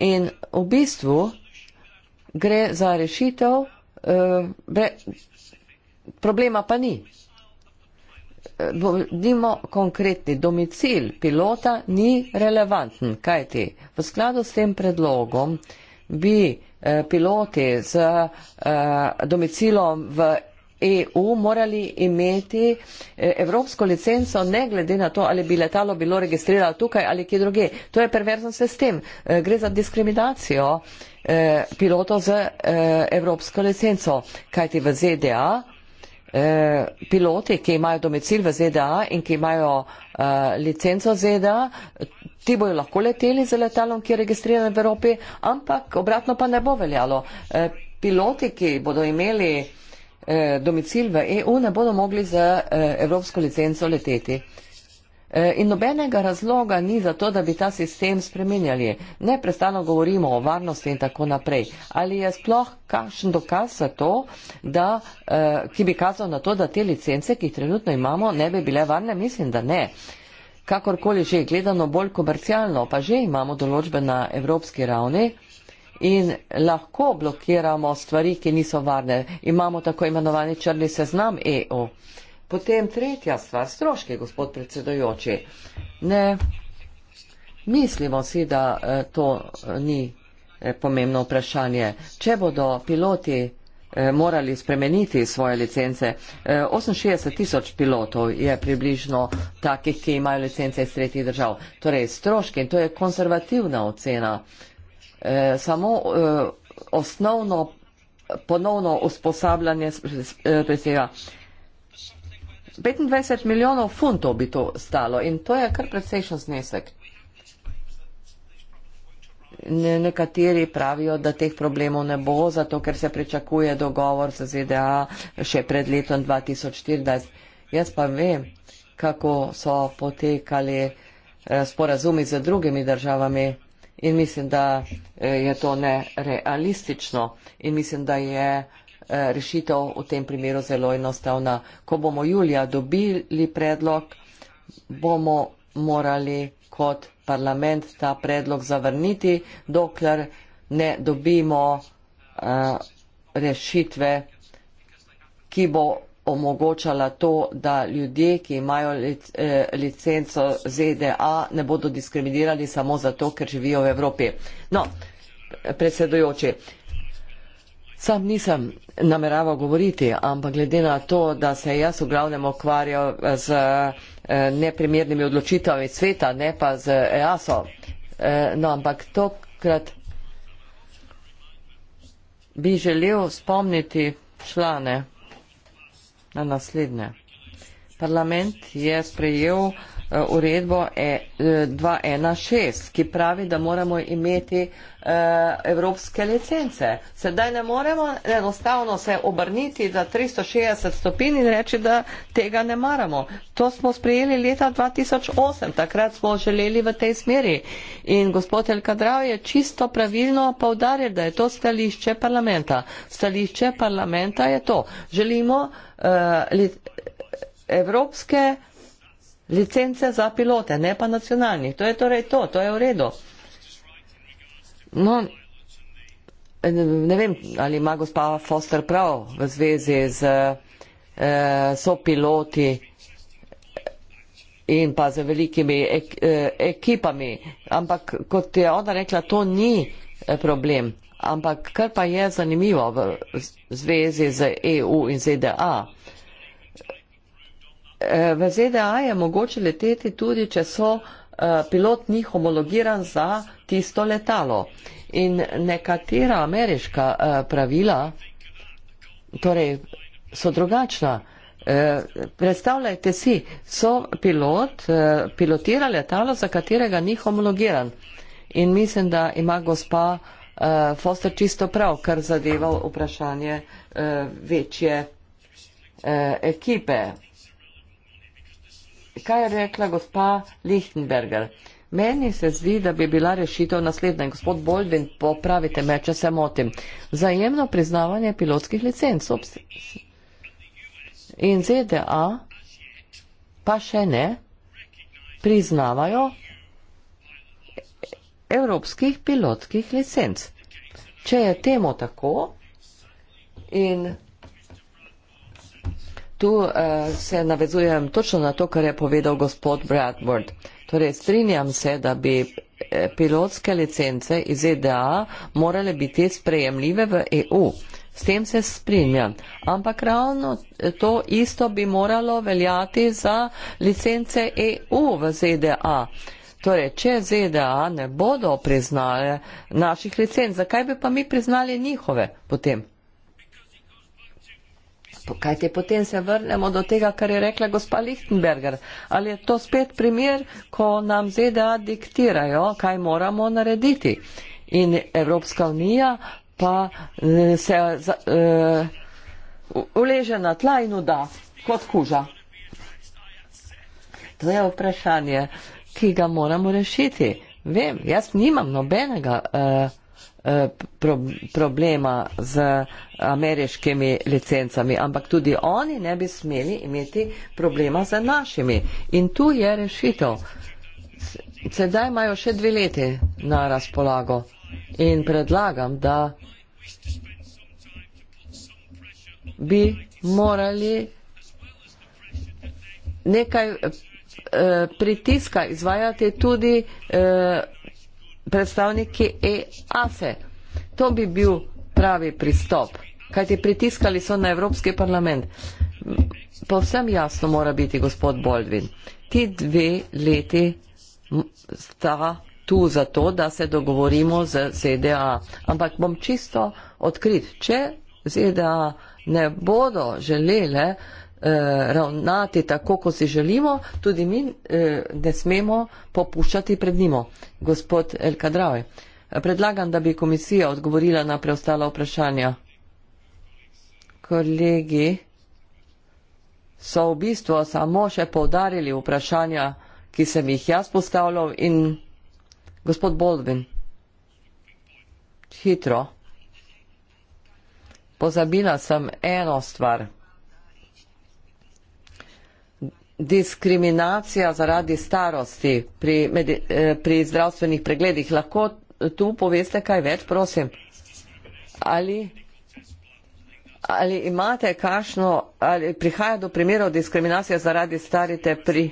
In v bistvu gre za rešitev, uh, eh, bre, problema pa ni. Eh, dimo konkretni, domicil pilota ni relevanten, kajti v skladu s tem predlogom bi eh, piloti z eh, domicilom v EU morali imeti eh, evropsko licenco, ne glede na to, ali bi letalo bilo registrirano tukaj ali kje druge. To je perverzen sistem. Eh, gre za diskriminacijo eh, pilotov z evropsko licenco, kajti v ZDA piloti, ki imajo domicil v ZDA in ki imajo licenco ZDA, ti bojo lahko leteli z letalom, ki je registriran v Evropi, ampak obratno pa ne bo veljalo. Piloti, ki bodo imeli Eh, domicil v EU, ne bodo mogli za eh, evropsko licenco leteti. Eh, in nobenega razloga ni za to, da bi ta sistem spremenjali. Neprestano govorimo o varnosti in tako naprej. Ali je sploh kakšen dokaz za to, da, ki bi kazal na to, da te licence, ki jih trenutno imamo, ne bi bile varne? Mislim, da ne. Kakorkoli že gledano bolj komercialno, pa že imamo določbe na evropski ravni in lahko blokiramo stvari, ki niso varne. Imamo tako imenovani črni seznam EU. Potem tretja stvar, stroške, gospod predsedojoči. Ne, mislimo si, da eh, to eh, ni eh, pomembno vprašanje. Če bodo piloti morali spremeniti svoje licence. 68 tisoč pilotov je približno takih, ki imajo licence iz tretjih držav. Torej, stroški, in to je konservativna ocena, eh, samo eh, osnovno ponovno usposabljanje eh, presega. 25 milijonov funtov bi to stalo in to je kar precejšen znesek. Nekateri pravijo, da teh problemov ne bo, zato ker se pričakuje dogovor z ZDA še pred letom 2014. Jaz pa vem, kako so potekali eh, sporazumi z drugimi državami in mislim, da eh, je to nerealistično in mislim, da je eh, rešitev v tem primeru zelo enostavna. Ko bomo julija dobili predlog, bomo morali kot parlament ta predlog zavrniti, dokler ne dobimo eh, rešitve, ki bo omogočala to, da ljudje, ki imajo eh, licenco ZDA, ne bodo diskriminirali samo zato, ker živijo v Evropi. No, predsedujoči, sam nisem nameraval govoriti, ampak glede na to, da se jaz v glavnem okvarjam z eh, neprimernimi odločitvami sveta, ne pa z EASO, eh, no, ampak tokrat bi želel spomniti člane na naslednje. Parlament je sprejel Eh, uredbo E216, eh, ki pravi, da moramo imeti eh, evropske licence. Sedaj ne moremo enostavno se obrniti za 360 stopinj in reči, da tega ne maramo. To smo sprejeli leta 2008, takrat smo želeli v tej smeri. In gospod Elkadrav je čisto pravilno povdaril, da je to stališče parlamenta. Stališče parlamenta je to. Želimo uh, evropske licence licence za pilote, ne pa nacionalnih. To je torej to, to je v redu. No, ne vem, ali ima gospa Foster prav v zvezi z eh, sopiloti in pa z velikimi ek, eh, ekipami, ampak kot je ona rekla, to ni eh, problem. Ampak kar pa je zanimivo v zvezi z EU in ZDA, Eh, v ZDA je mogoče leteti tudi, če so eh, pilot ni homologiran za tisto letalo. In nekatera ameriška eh, pravila torej, so drugačna. Predstavljajte si, so pilot, pilotira letalo, za katerega ni homologiran. In mislim, da ima gospa Foster čisto prav, kar zadeva vprašanje večje ekipe kaj je rekla gospa Lichtenberger? Meni se zdi, da bi bila rešitev naslednja. Gospod Boldin, popravite me, če se motim. Zajemno priznavanje pilotskih licenc. In ZDA pa še ne priznavajo evropskih pilotskih licenc. Če je temu tako in Tu uh, se navezujem točno na to, kar je povedal gospod Bradford. Torej, strinjam se, da bi eh, pilotske licence iz EDA morale biti sprejemljive v EU. S tem se strinjam. Ampak ravno eh, to isto bi moralo veljati za licence EU v ZDA. Torej, če ZDA ne bodo priznale naših licenc, zakaj bi pa mi priznali njihove potem? Kaj te potem se vrnemo do tega, kar je rekla gospa Lichtenberger? Ali je to spet primer, ko nam ZDA diktirajo, kaj moramo narediti? In Evropska unija pa eh, se uh, uleže na tla in uda kot kuža. To je vprašanje, ki ga moramo rešiti. Vem, jaz nimam nobenega. Uh, Eh, pro, problema z ameriškimi licencami, ampak tudi oni ne bi smeli imeti problema z našimi. In tu je rešitev. Sedaj imajo še dve leti na razpolago in predlagam, da bi morali nekaj eh, pritiska izvajati tudi eh, predstavniki EAFE. E. To bi bil pravi pristop, kajti pritiskali so na Evropski parlament. Povsem jasno mora biti, gospod Boldvin, ti dve leti sta tu zato, da se dogovorimo z ZDA. Ampak bom čisto odkrit, če ZDA ne bodo želele Eh, ravnati tako, kot si želimo, tudi mi eh, ne smemo popuščati pred njim. Gospod El Kadravi, predlagam, da bi komisija odgovorila na preostala vprašanja. Kolegi so v bistvu samo še povdarili vprašanja, ki sem jih jaz postavljal in gospod Boldvin. Hitro. Pozabila sem eno stvar diskriminacija zaradi starosti pri, medi, eh, pri zdravstvenih pregledih. Lahko tu poveste kaj več, prosim? Ali, ali imate kakšno, ali prihaja do primerov diskriminacije zaradi starite pri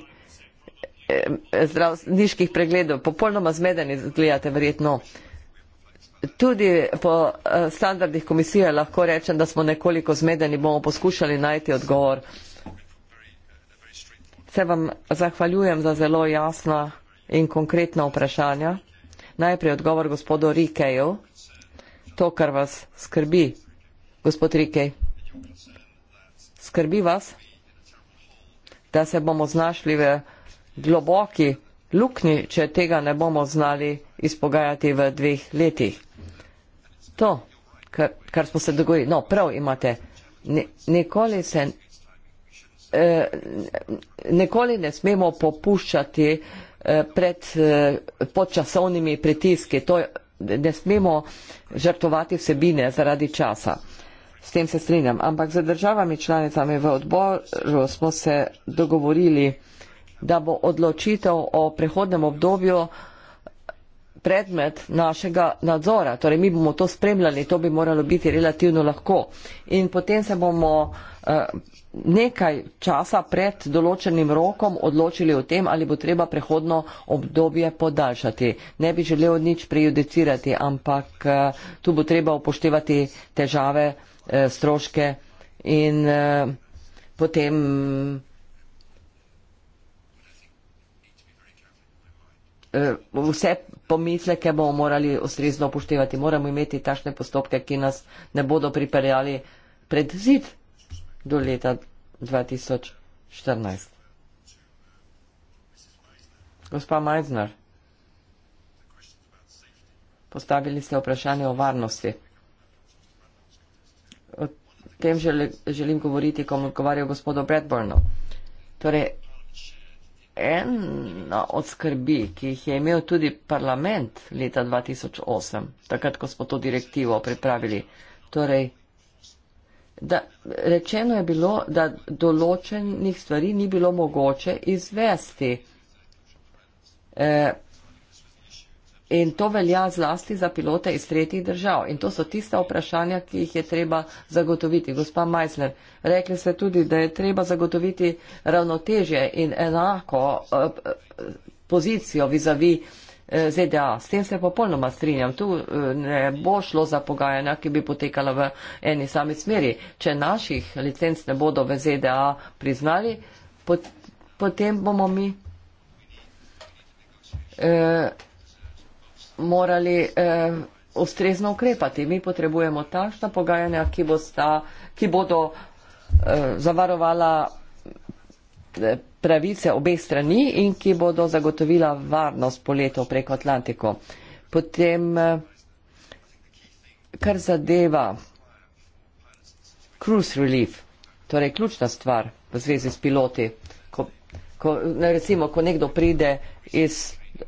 eh, zdravstveniških pregledov? Popolnoma zmedeni gledate verjetno. Tudi po eh, standardih komisije lahko rečem, da smo nekoliko zmedeni, bomo poskušali najti odgovor. Se vam zahvaljujem za zelo jasna in konkretna vprašanja. Najprej odgovor gospodu Rikeju. To, kar vas skrbi, gospod Rikej, skrbi vas, da se bomo znašli v globoki luknji, če tega ne bomo znali izpogajati v dveh letih. To, kar, kar smo se dogovorili. No, prav imate. Ne, nikoli se Eh, nikoli ne smemo popuščati eh, pred eh, podčasovnimi pritiski. To ne smemo žrtovati vsebine zaradi časa. S tem se strinjam. Ampak za državami članicami v odboru smo se dogovorili, da bo odločitev o prehodnem obdobju predmet našega nadzora. Torej, mi bomo to spremljali, to bi moralo biti relativno lahko. In potem se bomo uh, nekaj časa pred določenim rokom odločili o tem, ali bo treba prehodno obdobje podaljšati. Ne bi želel nič prejudicirati, ampak eh, tu bo treba upoštevati težave, eh, stroške in eh, potem. Vse pomisleke bomo morali ustrezno upoštevati. Moramo imeti takšne postopke, ki nas ne bodo pripeljali pred zid do leta 2014. Gospa Majzner, postavili ste vprašanje o varnosti. O tem žele, želim govoriti, ko odgovarjam gospodu Bradburnu. Torej, ena od skrbi, ki jih je imel tudi parlament leta 2008, takrat, ko smo to direktivo pripravili, torej da rečeno je bilo, da določenih stvari ni bilo mogoče izvesti. E, in to velja zlasti za pilote iz tretjih držav. In to so tista vprašanja, ki jih je treba zagotoviti. Gospa Meisner, rekli ste tudi, da je treba zagotoviti ravnotežje in enako e, e pozicijo vizavi. -vis ZDA. S tem se popolnoma strinjam. Tu eh, ne bo šlo za pogajanja, ki bi potekala v eni sami smeri. Če naših licenc ne bodo v ZDA priznali, pot, potem bomo mi eh, morali eh, ustrezno ukrepati. Mi potrebujemo takšna pogajanja, ki, bo sta, ki bodo eh, zavarovala pravice obeh strani in ki bodo zagotovila varnost poletov preko Atlantiko. Potem, eh, kar zadeva cruise relief, torej ključna stvar v zvezi s piloti, ko, ko, recimo, ko nekdo pride iz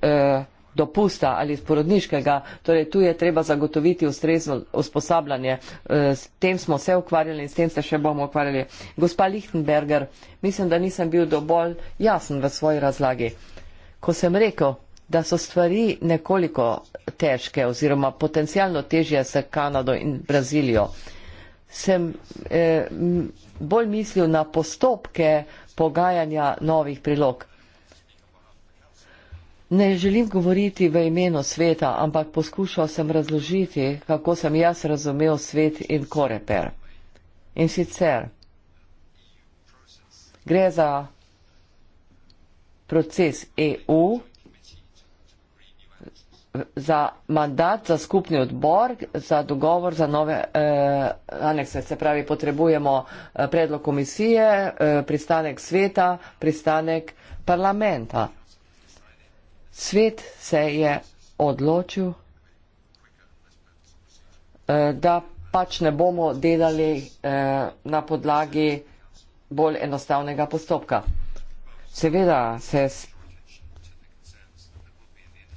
uh, dopusta ali iz porodniškega, torej tu je treba zagotoviti ustrezno usposabljanje. E, s tem smo se ukvarjali in s tem se še bomo ukvarjali. Gospa Lichtenberger, mislim, da nisem bil dovolj jasen v svoji razlagi. Ko sem rekel, da so stvari nekoliko težke oziroma potencijalno težje s Kanado in Brazilijo, sem eh, bolj mislil na postopke pogajanja novih prilog. Ne želim govoriti v imenu sveta, ampak poskušal sem razložiti, kako sem jaz razumel svet in koreper. In sicer gre za proces EU, za mandat, za skupni odbor, za dogovor, za nove eh, anekse. Se pravi, potrebujemo eh, predlog komisije, eh, pristanek sveta, pristanek parlamenta svet se je odločil, eh, da pač ne bomo delali eh, na podlagi bolj enostavnega postopka. Seveda, se,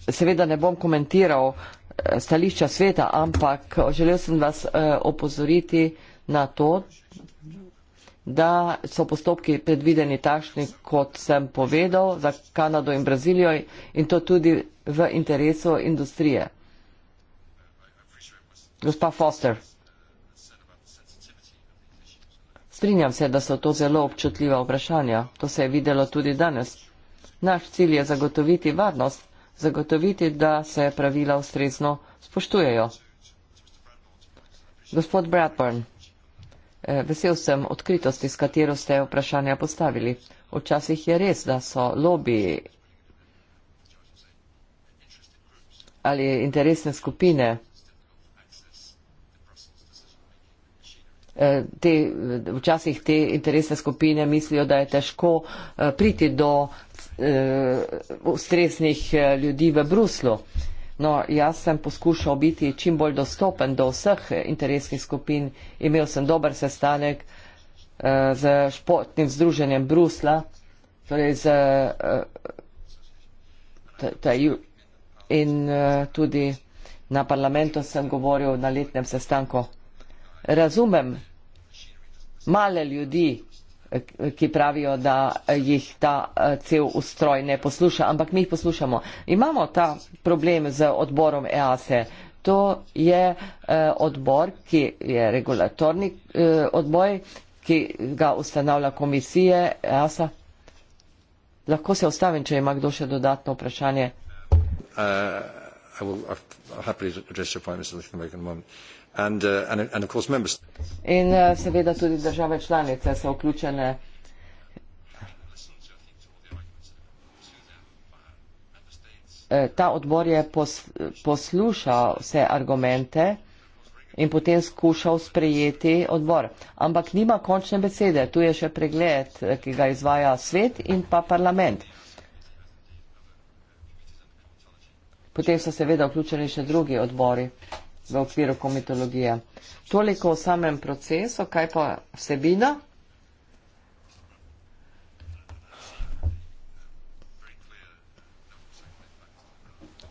seveda ne bom komentiral eh, stališča sveta, ampak želel sem vas opozoriti na to, da so postopki predvideni takšni, kot sem povedal, za Kanado in Brazilijo in to tudi v interesu industrije. Gospa Foster. Strinjam se, da so to zelo občutljiva vprašanja. To se je videlo tudi danes. Naš cilj je zagotoviti varnost, zagotoviti, da se pravila ustrezno spoštujejo. Gospod Bradburn. Eh, vesel sem odkritosti, s katero ste vprašanja postavili. Včasih je res, da so lobby ali interesne skupine eh, Te, včasih te interesne skupine mislijo, da je težko eh, priti do ustreznih ljudi v Bruslu. No, jaz sem poskušal biti čim bolj dostopen do vseh interesnih skupin. Imel sem dober sestanek eh, z športnim združenjem Brusla, torej z, eh, in eh, tudi na parlamentu sem govoril na letnem sestanku. Razumem male ljudi, ki pravijo, da jih ta eh, cel ustroj ne posluša, ampak mi jih poslušamo. Imamo ta problem z odborom EASE. E. To je eh, odbor, ki je regulatorni eh, odboj, ki ga ustanavlja komisije EASA. Lahko se ostavim, če ima kdo še dodatno vprašanje. Uh, I will, I'll happily address your point, Mr. Lichtenberg, in a moment. Uh, and, uh, and, and of course members. In uh, seveda tudi države članice so vključene. E, ta odbor je pos, poslušal vse argumente in potem skušal sprejeti odbor. Ampak nima končne besede. Tu je še pregled, ki ga izvaja svet in pa parlament. Potem so seveda vključeni še drugi odbori v okviru komitologije. Toliko o samem procesu, kaj pa vsebina?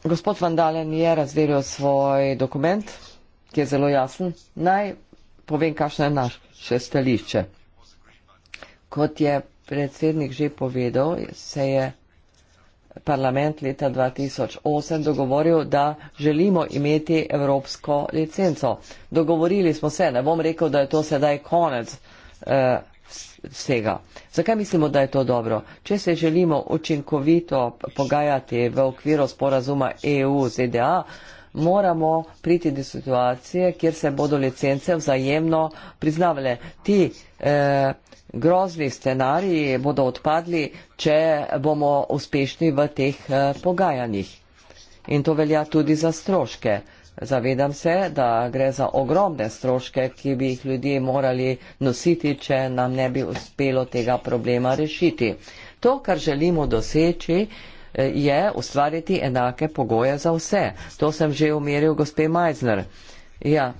Gospod Vandalen je razveril svoj dokument, ki je zelo jasen. Naj povem, kakšno je naše stališče. Kot je predsednik že povedal, se je parlament leta 2008 dogovoril, da želimo imeti evropsko licenco. Dogovorili smo se, ne bom rekel, da je to sedaj konec eh, vsega. Zakaj mislimo, da je to dobro? Če se želimo učinkovito pogajati v okviru sporazuma EU-ZDA, e moramo priti do situacije, kjer se bodo licence vzajemno priznavale. Ti eh, grozni scenariji bodo odpadli, če bomo uspešni v teh eh, pogajanjih. In to velja tudi za stroške. Zavedam se, da gre za ogromne stroške, ki bi jih ljudje morali nositi, če nam ne bi uspelo tega problema rešiti. To, kar želimo doseči, eh, je ustvariti enake pogoje za vse. To sem že umiril gospe Majzner. Ja,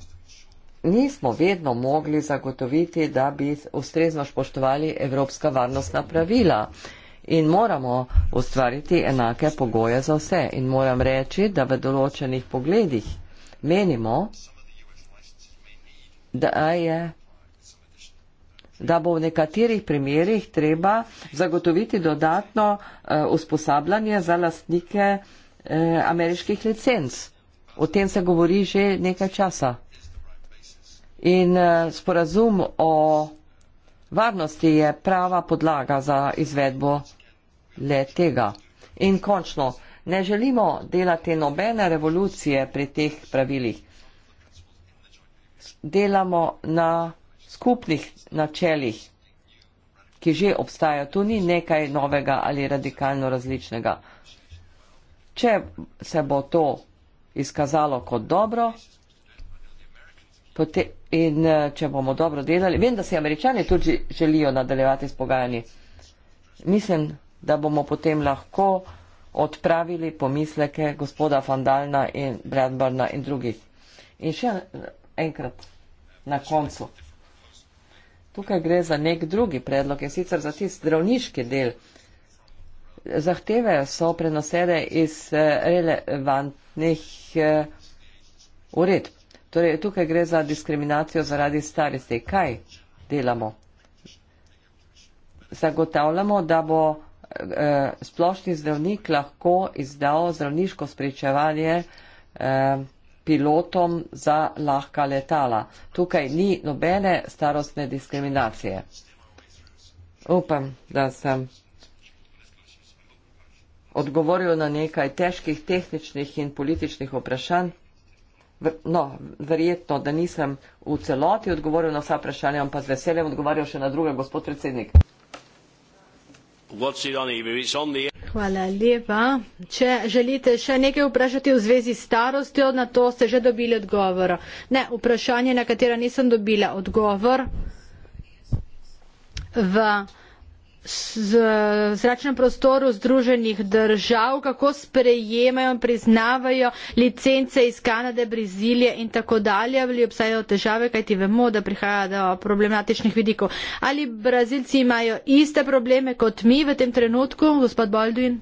nismo vedno mogli zagotoviti, da bi ustrezno spoštovali evropska varnostna pravila. In moramo ustvariti enake pogoje za vse. In moram reči, da v določenih pogledih menimo, da, je, da bo v nekaterih primerjih treba zagotoviti dodatno uh, usposabljanje za lastnike uh, ameriških licenc. O tem se govori že nekaj časa. In eh, sporazum o varnosti je prava podlaga za izvedbo le tega. In končno, ne želimo delati nobene revolucije pri teh pravilih. Delamo na skupnih načelih, ki že obstajajo. To ni nekaj novega ali radikalno različnega. Če se bo to izkazalo kot dobro, Potem, in eh, če bomo dobro delali, vem, da si američani tudi želijo nadaljevati s pogajanji. Mislim, da bomo potem lahko odpravili pomisleke gospoda Fandalna in Bradburna in drugih. In še enkrat na koncu. Tukaj gre za nek drugi predlog in sicer za tisti zdravniški del. Zahteve so prenosede iz eh, relevantnih eh, uredb. Torej, tukaj gre za diskriminacijo zaradi starosti. Kaj delamo? Zagotavljamo, da bo eh, splošni zdravnik lahko izdal zdravniško spričevanje eh, pilotom za lahka letala. Tukaj ni nobene starostne diskriminacije. Upam, da sem odgovoril na nekaj težkih tehničnih in političnih vprašanj no, verjetno, da nisem v celoti odgovoril na vsa vprašanja, ampak z veseljem odgovarjal še na druge, gospod predsednik. Hvala lepa. Če želite še nekaj vprašati v zvezi s starostjo, na to ste že dobili odgovor. Ne, vprašanje, na katero nisem dobila odgovor. V zračnem prostoru Združenih držav, kako sprejemajo in priznavajo licence iz Kanade, Brazilije in tako dalje, ali obstajajo težave, kajti vemo, da prihaja do problematičnih vidikov. Ali Brazilci imajo iste probleme kot mi v tem trenutku, gospod Baldwin?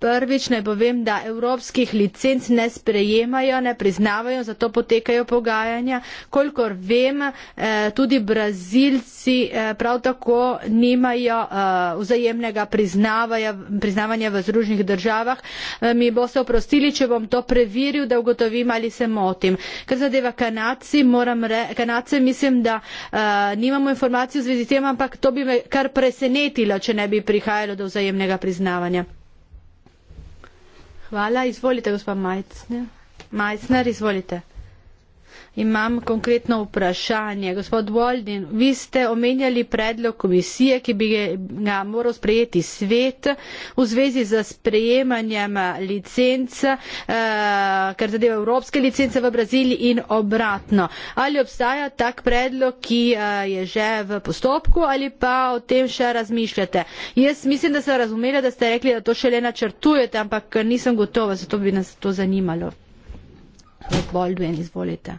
Prvič naj povem, da evropskih licenc ne sprejemajo, ne priznavajo, zato potekajo pogajanja. Kolikor vem, eh, tudi Brazilci eh, prav tako nimajo eh, vzajemnega priznavanja v Združenih državah. Mi bo se oprostili, če bom to preveril, da ugotovim ali se motim. Kar zadeva Kanadci, moram reči, Kanadce mislim, da nimamo informacij v zvezi s tem, ampak to bi me kar presenetilo, če ne bi prihajalo do vzajemnega priznavanja. Hvala, izvolite, gospod Majcner. Majcner, izvolite imam konkretno vprašanje. Gospod Waldin, vi ste omenjali predlog komisije, ki bi ga moral sprejeti svet v zvezi z sprejemanjem licenc, eh, kar zadeva evropske licence v Braziliji in obratno. Ali obstaja tak predlog, ki eh, je že v postopku ali pa o tem še razmišljate? Jaz mislim, da sem razumela, da ste rekli, da to šele načrtujete, ampak nisem gotova, zato bi nas to zanimalo. Gospod Waldin, izvolite.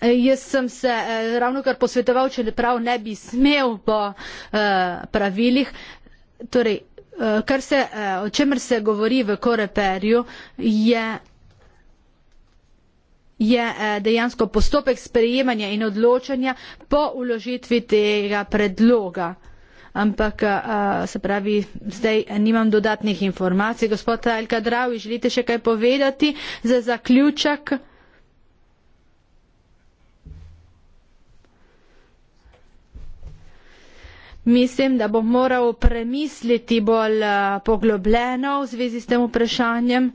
Eh, jaz sem se eh, ravno kar posvetoval, če ne prav ne bi smel po uh, pravilih. Torej, uh, kar se, uh, o čemer se govori v koreperju, je, je uh, dejansko postopek sprejemanja in odločanja po uložitvi tega predloga. Ampak, uh, se pravi, zdaj nimam dodatnih informacij. Gospod Elka Dravi, želite še kaj povedati za zaključek? Mislim, da bom moral premisliti bolj eh, poglobljeno v zvezi s tem vprašanjem.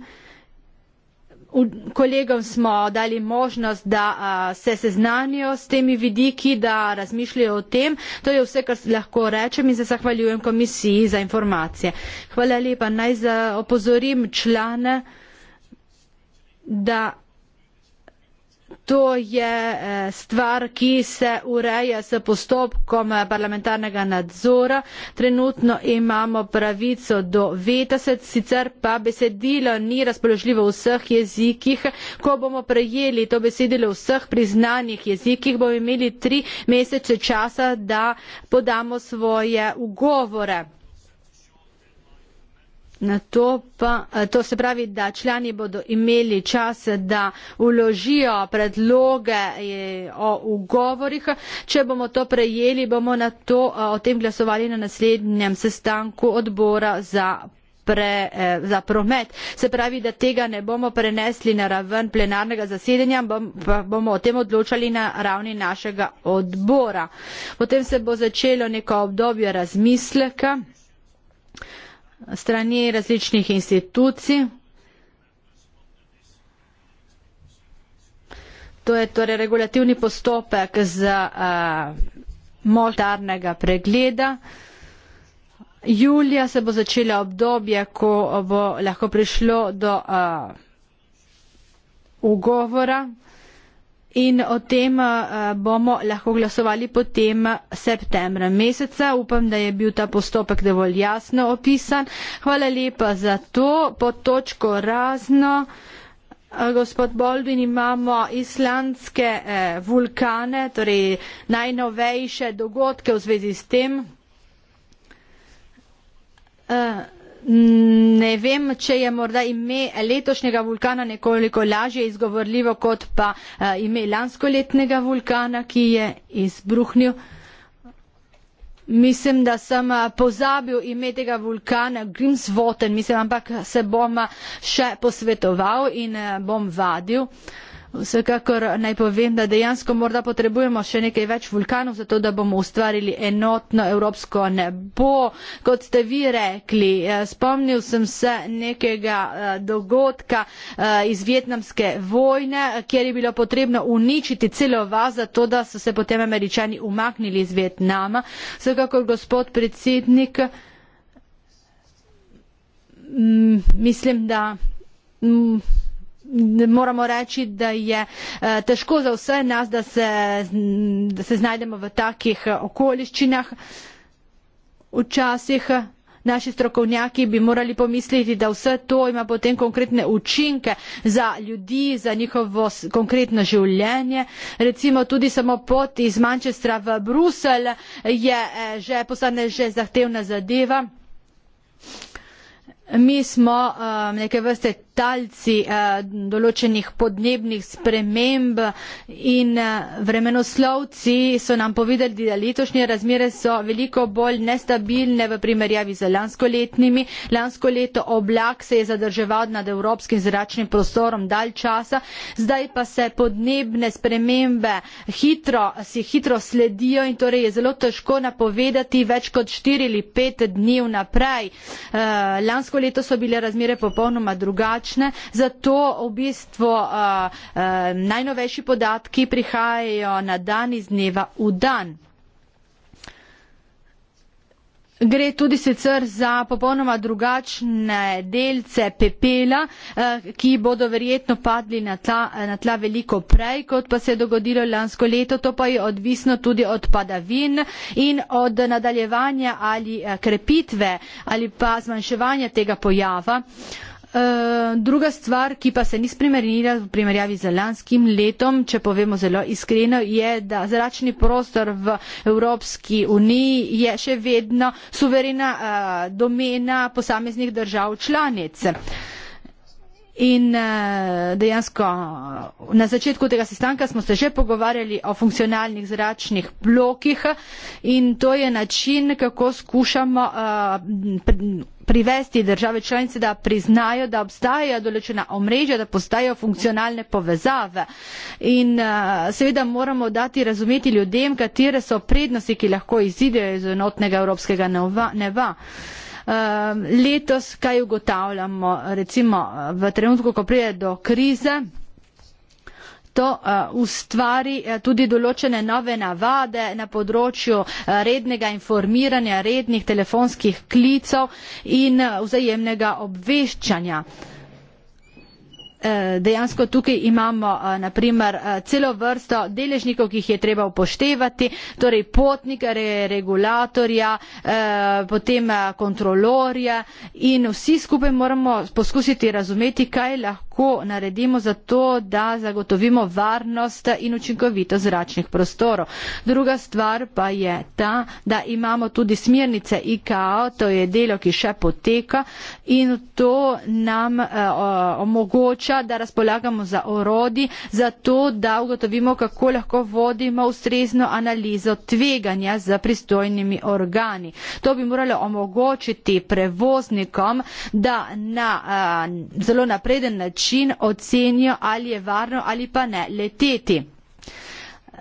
Kolegom smo dali možnost, da eh, se seznanijo s temi vidiki, da razmišljajo o tem. To je vse, kar lahko rečem in se zahvaljujem komisiji za informacije. Hvala lepa. Naj opozorim člane, da to je eh, stvar, ki se ureja s postopkom eh, parlamentarnega nadzora. Trenutno imamo pravico do veta, sicer pa besedilo ni razpoložljivo v vseh jezikih. Ko bomo prejeli to besedilo v vseh priznanih jezikih, bomo imeli tri mesece časa, da podamo svoje ugovore. Na to pa, eh, to se pravi, da člani bodo imeli čas, da uložijo predloge eh, o ugovorih. Če bomo to prejeli, bomo na to eh, o tem glasovali na naslednjem sestanku odbora za. Pre, eh, za promet. Se pravi, da tega ne bomo prenesli na raven plenarnega zasedanja, bom, pa bomo o tem odločali na ravni našega odbora. Potem se bo začelo neko obdobje razmisleka. Eh, strani različnih institucij. To je torej regulativni postopek z uh, moltarnega pregleda. Julija se bo začela obdobje, ko bo lahko prišlo do uh, ugovora in o tem eh, bomo lahko glasovali potem septembra meseca. Upam, da je bil ta postopek dovolj jasno opisan. Hvala lepa za to. Pod točko razno, eh, gospod Boldin, imamo islandske eh, vulkane, torej najnovejše dogodke v zvezi s tem. Uh, Ne vem, če je morda ime letošnjega vulkana nekoliko lažje izgovorljivo kot pa eh, ime lanskoletnega vulkana, ki je izbruhnil. Mislim, da sem eh, pozabil ime tega vulkana Grimswoten, mislim, ampak se bom eh, še posvetoval in bom vadil. Uh, vsekakor naj povem, da dejansko morda potrebujemo še nekaj več vulkanov, zato da bomo ustvarili enotno evropsko nebo. Kot ste vi rekli, eh, spomnil sem se nekega eh, dogodka eh, iz vietnamske vojne, kjer je bilo potrebno uničiti celo vas, zato da so se potem američani umaknili iz Vietnama. Vsekakor, gospod predsednik, mm, mislim, da. 嗯。Mm moramo reči, da je eh, težko za vse nas, da se, da se znajdemo v takih okoliščinah. Včasih naši strokovnjaki bi morali pomisliti, da vse to ima potem konkretne učinke za ljudi, za njihovo konkretno življenje. Recimo tudi samo pot iz Manchestra v Bruselj je eh, že postane že zahtevna zadeva. Mi smo uh, neke vrste talci uh, določenih podnebnih sprememb in uh, vremenoslovci so nam povedali, da letošnje razmere so veliko bolj nestabilne v primerjavi z lanskoletnimi. Lansko leto oblak se je zadrževal nad evropskim zračnim prostorom dalj časa, zdaj pa se podnebne spremembe hitro, si hitro sledijo in torej je zelo težko napovedati več kot 4 ali 5 dni vnaprej. Uh, lansko leto so bile razmere popolnoma drugačne, zato v bistvu uh, uh, najnovejši podatki prihajajo na dan iz dneva v dan. Gre tudi sicer za popolnoma drugačne delce pepela, eh, ki bodo verjetno padli na tla, na tla veliko prej, kot pa se je dogodilo lansko leto. To pa je odvisno tudi od padavin in od nadaljevanja ali eh, krepitve ali pa zmanjševanja tega pojava. Eh, druga stvar, ki pa se ni spremenila v primerjavi z lanskim letom, če povemo zelo iskreno, je, da zračni prostor v Evropski uniji je še vedno suverena uh, domena posameznih držav članic. Uh, In uh, dejansko na začetku tega sestanka smo se že pogovarjali o funkcionalnih zračnih blokih in to je način, kako skušamo uh, privesti države članice, da priznajo, da obstajajo določena omrežja, da postajajo funkcionalne povezave. In uh, seveda moramo dati razumeti ljudem, katere so prednosti, ki lahko izidejo iz enotnega evropskega neva. neva. Ehm, letos kaj ugotavljamo, recimo eh, v trenutku, ko prije do krize, To eh, ustvari eh, tudi določene nove navade na področju rednega informiranja, rednih telefonskih klicev in vzajemnega obveščanja. Eh, dejansko tukaj imamo eh, naprimer eh, celo vrsto deležnikov, ki jih je treba upoštevati, torej potnika, regulatorja, potem kontrolorja in vsi skupaj moramo poskusiti razumeti, kaj lahko lahko naredimo za to, da zagotovimo varnost in učinkovito zračnih prostorov. Druga stvar pa je ta, da imamo tudi smernice IKO, to je delo, ki še poteka in to nam eh, omogoča, da razpolagamo za orodi, za to, da ugotovimo, kako lahko vodimo ustrezno analizo tveganja z pristojnimi organi. To bi moralo omogočiti prevoznikom, da na eh, zelo napreden način način ocenijo, ali je varno ali pa ne leteti.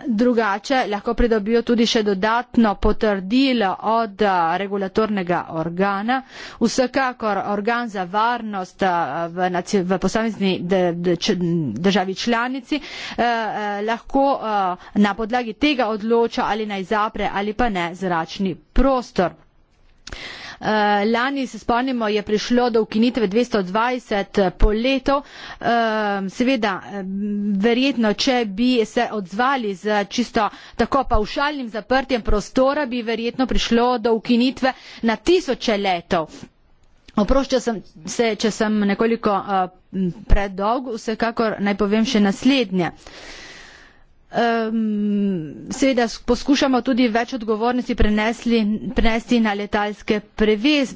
Drugače lahko pridobijo tudi še dodatno potrdilo od eh, regulatornega organa. Vsekakor organ za varnost eh, v, naci, v posamezni državi članici eh, eh, lahko eh, na podlagi tega odloča ali naj zapre ali pa ne zračni prostor. Eh, Eh, lani se spomnimo je prišlo do ukinitve 220 po letu. Seveda, eh, verjetno, če bi se odzvali z čisto tako paušalnim zaprtjem prostora, bi verjetno prišlo do ukinitve na tisoče letov. Oprošča sem se, če sem nekoliko uh, predolg, vsekakor naj povem še naslednje. Uh, seveda poskušamo tudi več odgovornosti prenesli, prenesti na letalske prevez,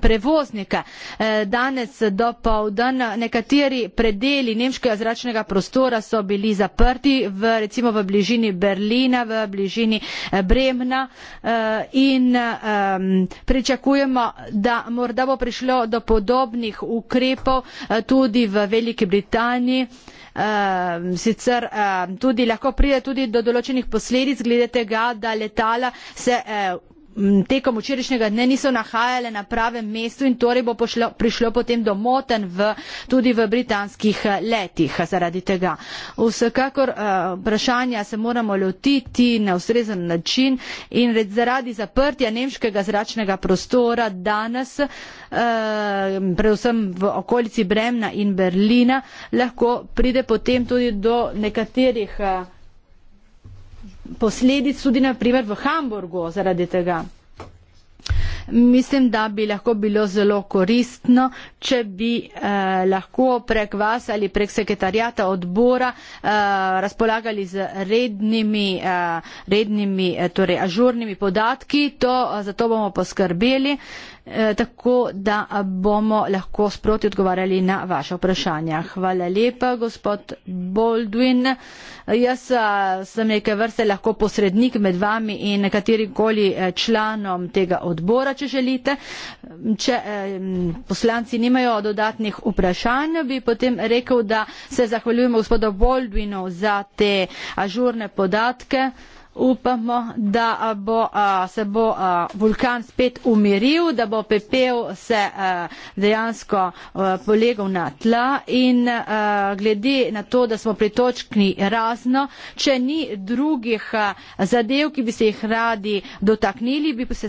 prevoznike. E, danes do povdan nekateri predeli nemškega zračnega prostora so bili zaprti, v, recimo v bližini Berlina, v bližini e, Bremna e, in pričakujemo, da morda bo prišlo do podobnih ukrepov tudi v Veliki Britaniji. Sicer tudi lahko lahko pride tudi do določenih posledic glede tega, da letala se eh, tekom včerajšnjega dne niso nahajale na pravem mestu in torej bo pošlo, prišlo potem do moten v, tudi v britanskih eh, letih zaradi tega. Vsekakor uh, vprašanja se moramo lotiti na ustrezen način in zaradi zaprtja nemškega zračnega prostora danes, uh, predvsem v okolici Bremna in Berlina, lahko pride potem tudi do nekaterih uh, posledic tudi naprimer v Hamburgu zaradi tega. Mislim, da bi lahko bilo zelo koristno, če bi eh, lahko prek vas ali prek sekretarjata odbora eh, razpolagali z rednimi, eh, rednimi eh, torej ažurnimi podatki. To, eh, zato bomo poskrbeli. Eh, Eh, tako da bomo lahko sproti odgovarjali na vaše vprašanja. Hvala lepa, gospod Boldwin. Jaz eh, sem neke vrste lahko posrednik med vami in katerikoli eh, članom tega odbora, če želite. Če poslanci nimajo dodatnih vprašanj, bi potem rekel, da se zahvaljujemo gospodu Boldwinu za te ažurne podatke upamo, da bo, a, se bo a, vulkan spet umiril, da bo pepel se a, dejansko a, polegal na tla in a, glede na to, da smo pritočkni razno, če ni drugih a, zadev, ki bi se jih radi dotaknili, bi se zaključili.